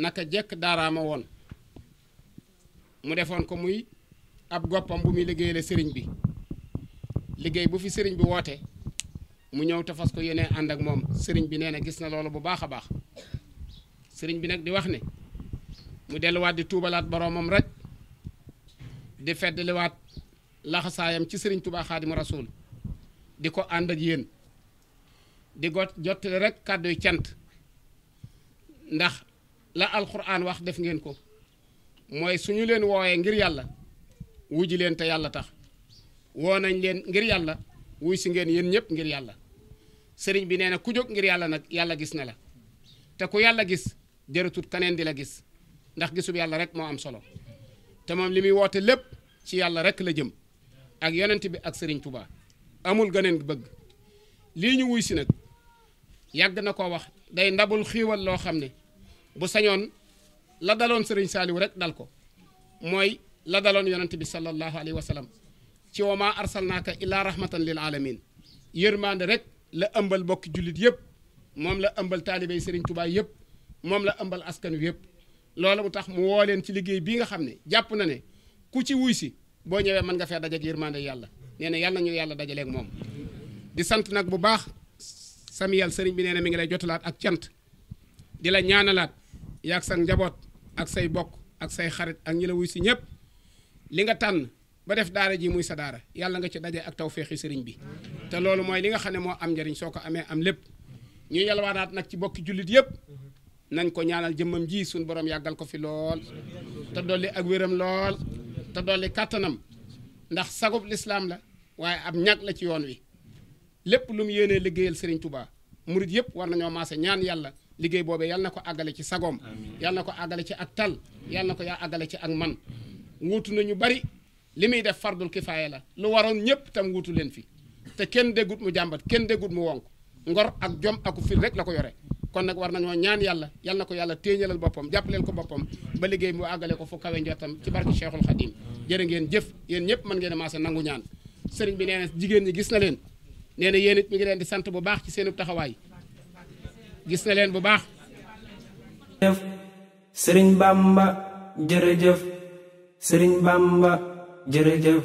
naka jekk daaraama woon mu defoon ko muy ab goppam bu muy liggéeyale sëriñ bi liggéey bu fi sëriñ bi woote mu ñëw te ko yéene ànd ak moom sëriñ bi nee na gis na loolu bu baax a baax sëriñ bi nag di wax ne mu delluwaat di tuubalaat boroomam rek di feddliwaat laxasaayam ci sëriñ tubaa xaadimu rasuul di ko ànd ak yéen di got jottali rek kàdduy cant ndax la alxuraan wax def ngeen ko mooy su ñu leen woowee ngir yàlla wuji leen te yàlla tax woo nañ leen ngir yàlla wuy si ngeen yéen ñëpp ngir yàlla sëriñ bi nee na ku jóg ngir yàlla nag yàlla gis na la te ku yàlla gis jërëtut kaneen di la gis ndax gisub yàlla rek moo am solo te moom li muy woote lépp ci yàlla rek la jëm ak yonent bi ak sëriñ Touba amul gëneen bëgg lii ñu wuy si nag yàgg na ko wax day ndabul xiiwal loo xam ne bu sañoon la daloon sëriñ Saaliw rek dal ko mooy la daloon yonent bi sallallahu alayhi wa sallam ci wa maa arsalnaaka illaa rahmatan lil alamin yërmaande rek la ëmbal bokki jullit yëpp moom la ëmbal taalibey sëriñ Touba yëpp moom la ëmbal askan wi yëpp loolu bu tax mu woo leen ci liggéey bii nga xam ne jàpp na ne ku ci wuy si boo ñëwee mën nga fee dajeeg yërmande yàlla nee na yàlla nañu yàlla dajaleeg moom di sant nag bu baax Samuel sëriñ bi nee na mi ngi lay jotalaat ak cant di la ñaanalaat yaag sa njaboot ak say bokk ak say xarit ak ñi la wuy si ñëpp li nga tànn ba def daara jii muy sa daara yàlla nga ci daje ak tawféexi sëriñ bi te loolu mooy li nga xam ne moo am njariñ soo ko amee am lépp ñu yalwaanaat nag ci bokki jullit yëpp nañ ko ñaanal jëmmam ji suñu borom yàggal ko fi lool te dolli ak wéram lool te dolli kàttanam ndax sagub lislaam la waaye ab ñag la ci yoon wi lépp lu mu yéenee liggéeyal Serigne tubaa murit yëpp war nañoo maase ñaan yàlla liggéey boobee yàlla na ko àggale ci sagoom yàlla na ko àggale ci ak tal yàlla na ko yaa àggale ci ak man wuutu na ñu bari li muy def fardul kifaaya la lu waroon ñëpp tam wuutu leen fi te kenn déggut mu jàmbat kenn déggut mu wonk ngor ak jom aku rek la ko yore kon nag war nañoo ñaan yàlla yal na ko yàlla téeñalal boppam jàppaleen ko boppam ba liggéey mu àggale ko fu kawe njottam ci barke Cheikhul Khadim jërë ngeen jëf yéen ñëpp man ngeen a maase nangu ñaan sëriñ bi nee jigéen ñi gis na leen nee na yéen it ngi leen di sant bu baax ci seenu taxawaay gis na leen bu baax jëf sëriñ Bamba jërëjëf sëriñ Bamba jërëjëf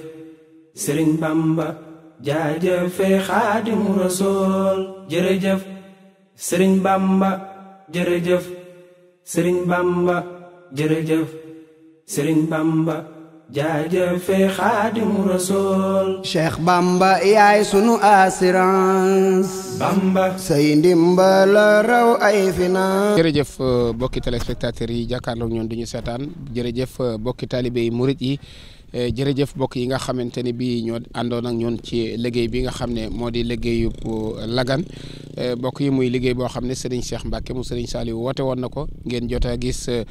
sëriñ Bamba jaajëfe Xaadimu Rasuul jërëjëf sëriñ bamba jërëjëf sëriñ bamba jërëjëf sëriñ bamba jaajëfe xaadimu rasool cheikh bamba yaay sunu assurance bamba say ndimbal raw ay finance jërëjëf euh, bokki téléspectateurs yi jàkkaarloo ñoon di ñu seetaan jërëjëf euh, bokki taalibé yi murit yi Eh, jërëjëf mbokk yi nga xamante ni bii ñoo àndoon ak ñoon ci liggéey bi nga xam ne moo di liggéeyu Lagane eh, mbokk yi muy liggéey boo xam ne Serigne Cheikh Mbacke mu Serigne Saliou woote woon na ko ngeen jot a gis eh,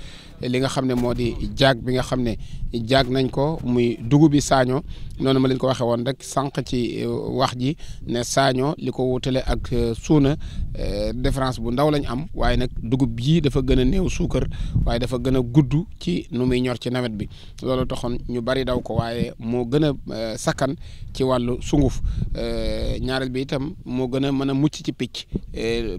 li nga xam ne moo di jaag bi nga xam ne jaag nañ ko muy dugub bi saaño noonu ma leen ko waxee woon rek sànq ci euh, wax ji ne saaño li ko wutale ak euh, suuna euh, différence bu ndaw lañ am waaye nag dugub ji dafa gën a néew suukar waaye dafa gën a gudd ci nu muy ñor ci nawet bi loolu taxoon ñu bari daw ko waaye moo gën a sakkan ci wàllu sunguf ñaareel bi itam moo gën a mën a mucc ci picc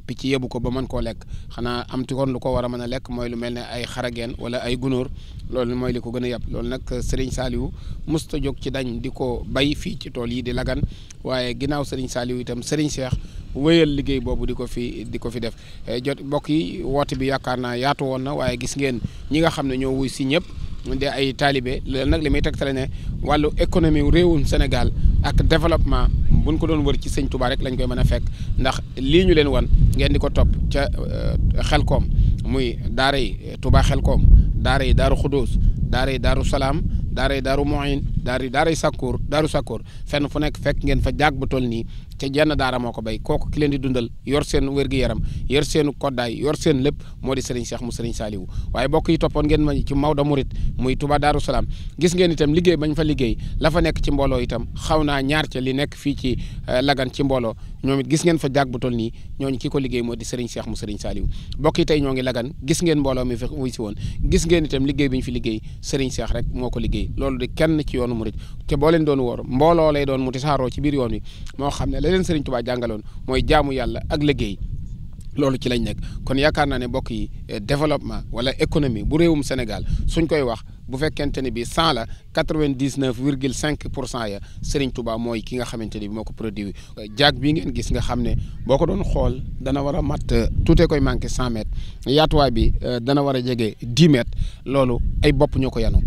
picc yebu ko ba mën koo lekk xanaa am ti koon lu ko war a mën a lekk mooy lu mel ne ay xarageen neen wala ay gunóor loolu mooy li ko gën a yàpp loolu nag Serigne saaliwu musta jóg ci dañ di ko bay fii ci tool yi di lagan waaye ginnaaw Serigne Saliou itam Serigne Cheikh wéyal liggéey boobu di ko fi di ko fi def eh, jot mbokk yi woote bi yaakaar naa yaatu woon na waaye gis ngeen ñi nga xam ne ñoo wuy si ñëpp mu de ay taalibe loolu nag li may tegtale ne wàllu économie réewum Sénégal ak développement buñ ko doon wër ci sëñ Touba rek lañ koy mën a fekk ndax lii ñu leen wan ngeen di ko topp ca euh, koom muy daara yi Touba xelkoom daara yi daaru Xudóos daara yi daaru Salaam daara yi daaru Mohin daara yi daaru Sakkoor daaru Sakkoor fenn fu nekk fekk ngeen fa jàg bu tol nii te jenn daara moo ko béy kooku ki leen di dundal yor seen wér-gu-yaram yor seen koddaay yor seen lépp moo di sëriñ Cheikh mu sëriñ Saaliwu waaye bokk yi toppoon ngeen ma ci Maodo Murit muy Touba Daaru Salaam gis ngeen itam liggéey bañ fa liggéey lafa nekk ci mbooloo itam xaw naa ñaar ca li nekk fii ci eh, Lagan ci mbooloo ñoom it gis ngeen fa jàg bu toll nii ñooñu ki ko liggéey moo di Serigne Cheikh mu Serigne Saliou mbokk yi tey ñoo ngi lagan gis ngeen mbooloo mi fi wuy si woon gis ngeen itam liggéey bi ñu fi liggéey Serigne Cheikh rek moo ko liggéey loolu di kenn ci yoonu murit te boo leen doon woor mbooloo lay doon mu ti ci biir yoon wi moo xam ne la leen Serigne Touba jàngaloon mooy jaamu yàlla ak liggéey loolu ci lañ nekk kon yaakaar naa ne mbokk yi eh, développement wala économie bu réewum Sénégal suñ koy wax bu fekkente ne bi cent la quatre vingt dix cinq pour cent ya Serigne Touba mooy ki nga xamante ne bi moo ko produit eh, jaag bii ngeen gis nga xam ne boo ko doon xool dana war a mat eh, tuutee koy manqué cent mètres yaatuwaay bi dana war a jege dix mètres loolu ay bopp ñoo ko yanu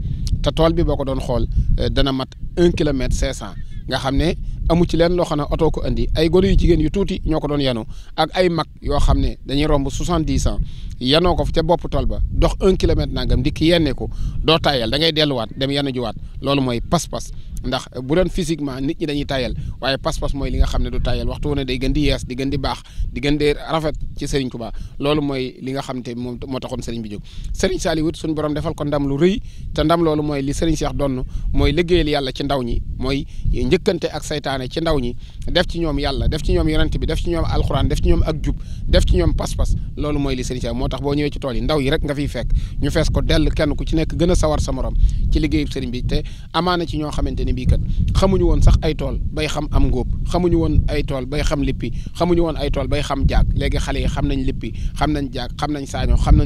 te tool bi boo ko doon xool dana mat un kilomètre cinq cent nga xam ne amu ci leen loo xam ne oto ko indi ay gone yu jigéen yu tuuti ñoo ko doon yanu ak ay mag yoo xam ne dañuy romb soixante-dix ans yanoo ko ca bopp tool ba dox un kilomètre nangam dikk yennee ko doo tayal da ngay delluwaat dem yanu juwaat loolu mooy pas-pas ndax bu doon physiquement nit ñi dañuy tayal waaye pas-pas mooy li nga xam ne du tayal waxtu wu ne day gën di yees di gën di baax di gën di rafet ci Serigne Touba loolu mooy li nga xam te moom moo taxoon Serigne bi jóg Serigne Saliou wut suñu borom defal ko ndam lu rëy te ndam mooy li Serigne Cheikh donn mooy liggéeyal yàlla ci ndaw ñi mooy njëkkante ak saytaan santaane ci ndaw ñi def ci ñoom yàlla def ci ñoom li sëriñ Cheikh moo tax boo ñëwee ci tool yi ndaw yi rek nga fiy fekk ñu a sa morom ci liggéeyub sëriñ bi ñoo xamante ni bii kat xamuñu woon sax ay tool bay xam am ngóob xamuñu woon ay tool bay xam lippi xamuñu woon ay tool bay xam jaag léegi xale yi xam nañ lippi xam nañ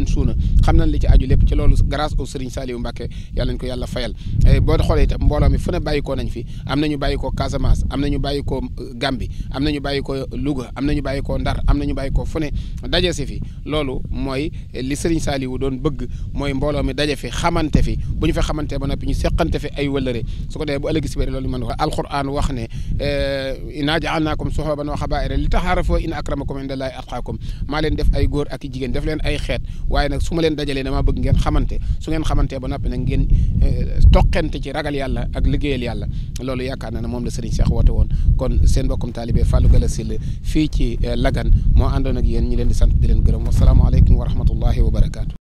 suuna xam nañ li ci aju lépp ci loolu grâce au sëriñ Saliou Mbacke yàlla nañ ko yàlla fayal eh, boo xoolee itam mbooloo mi fu ne bàyyi nañ fi am nañu bàyyi Casamance am na ñu bàyyi ko euh, Gàmbi am na ñu bàyyi ko euh, Louga am na ñu bàyyi ko Ndar am na ñu bàyyi ko fu ne daje si fi loolu mooy euh, li Serigne Saliou doon bëgg mooy mbooloo mi daje fi xamante fi bu ñu fi xamante ba noppi ñu seqante fi ay wëllëre su ko defee bu ëllëg si biir loolu mën wax alquran wax ne innaa ja'alnaakum shu'uban wa qabaa'ila li ta'aarafu inna akramakum inda llaahi atqaakum maa leen def ay góor ak i jigéen leen ay xeet waaye nag su ma leen dajalee damaa bëgg ngeen xamante su ngeen xamante ba noppi nag ngeen toqente ci ragal yàlla ak liggéeyal yàlla loolu yaakaar na ne moom la Serigne Cheikh woote woon kon seen mbokkum taalibe Fallou Gala Syll fii ci eh, Lagane moo àndoon ak yéen ñi leen di sant di leen gërëm wasalaamualeykum wa rahmatullahi wa barakaatu.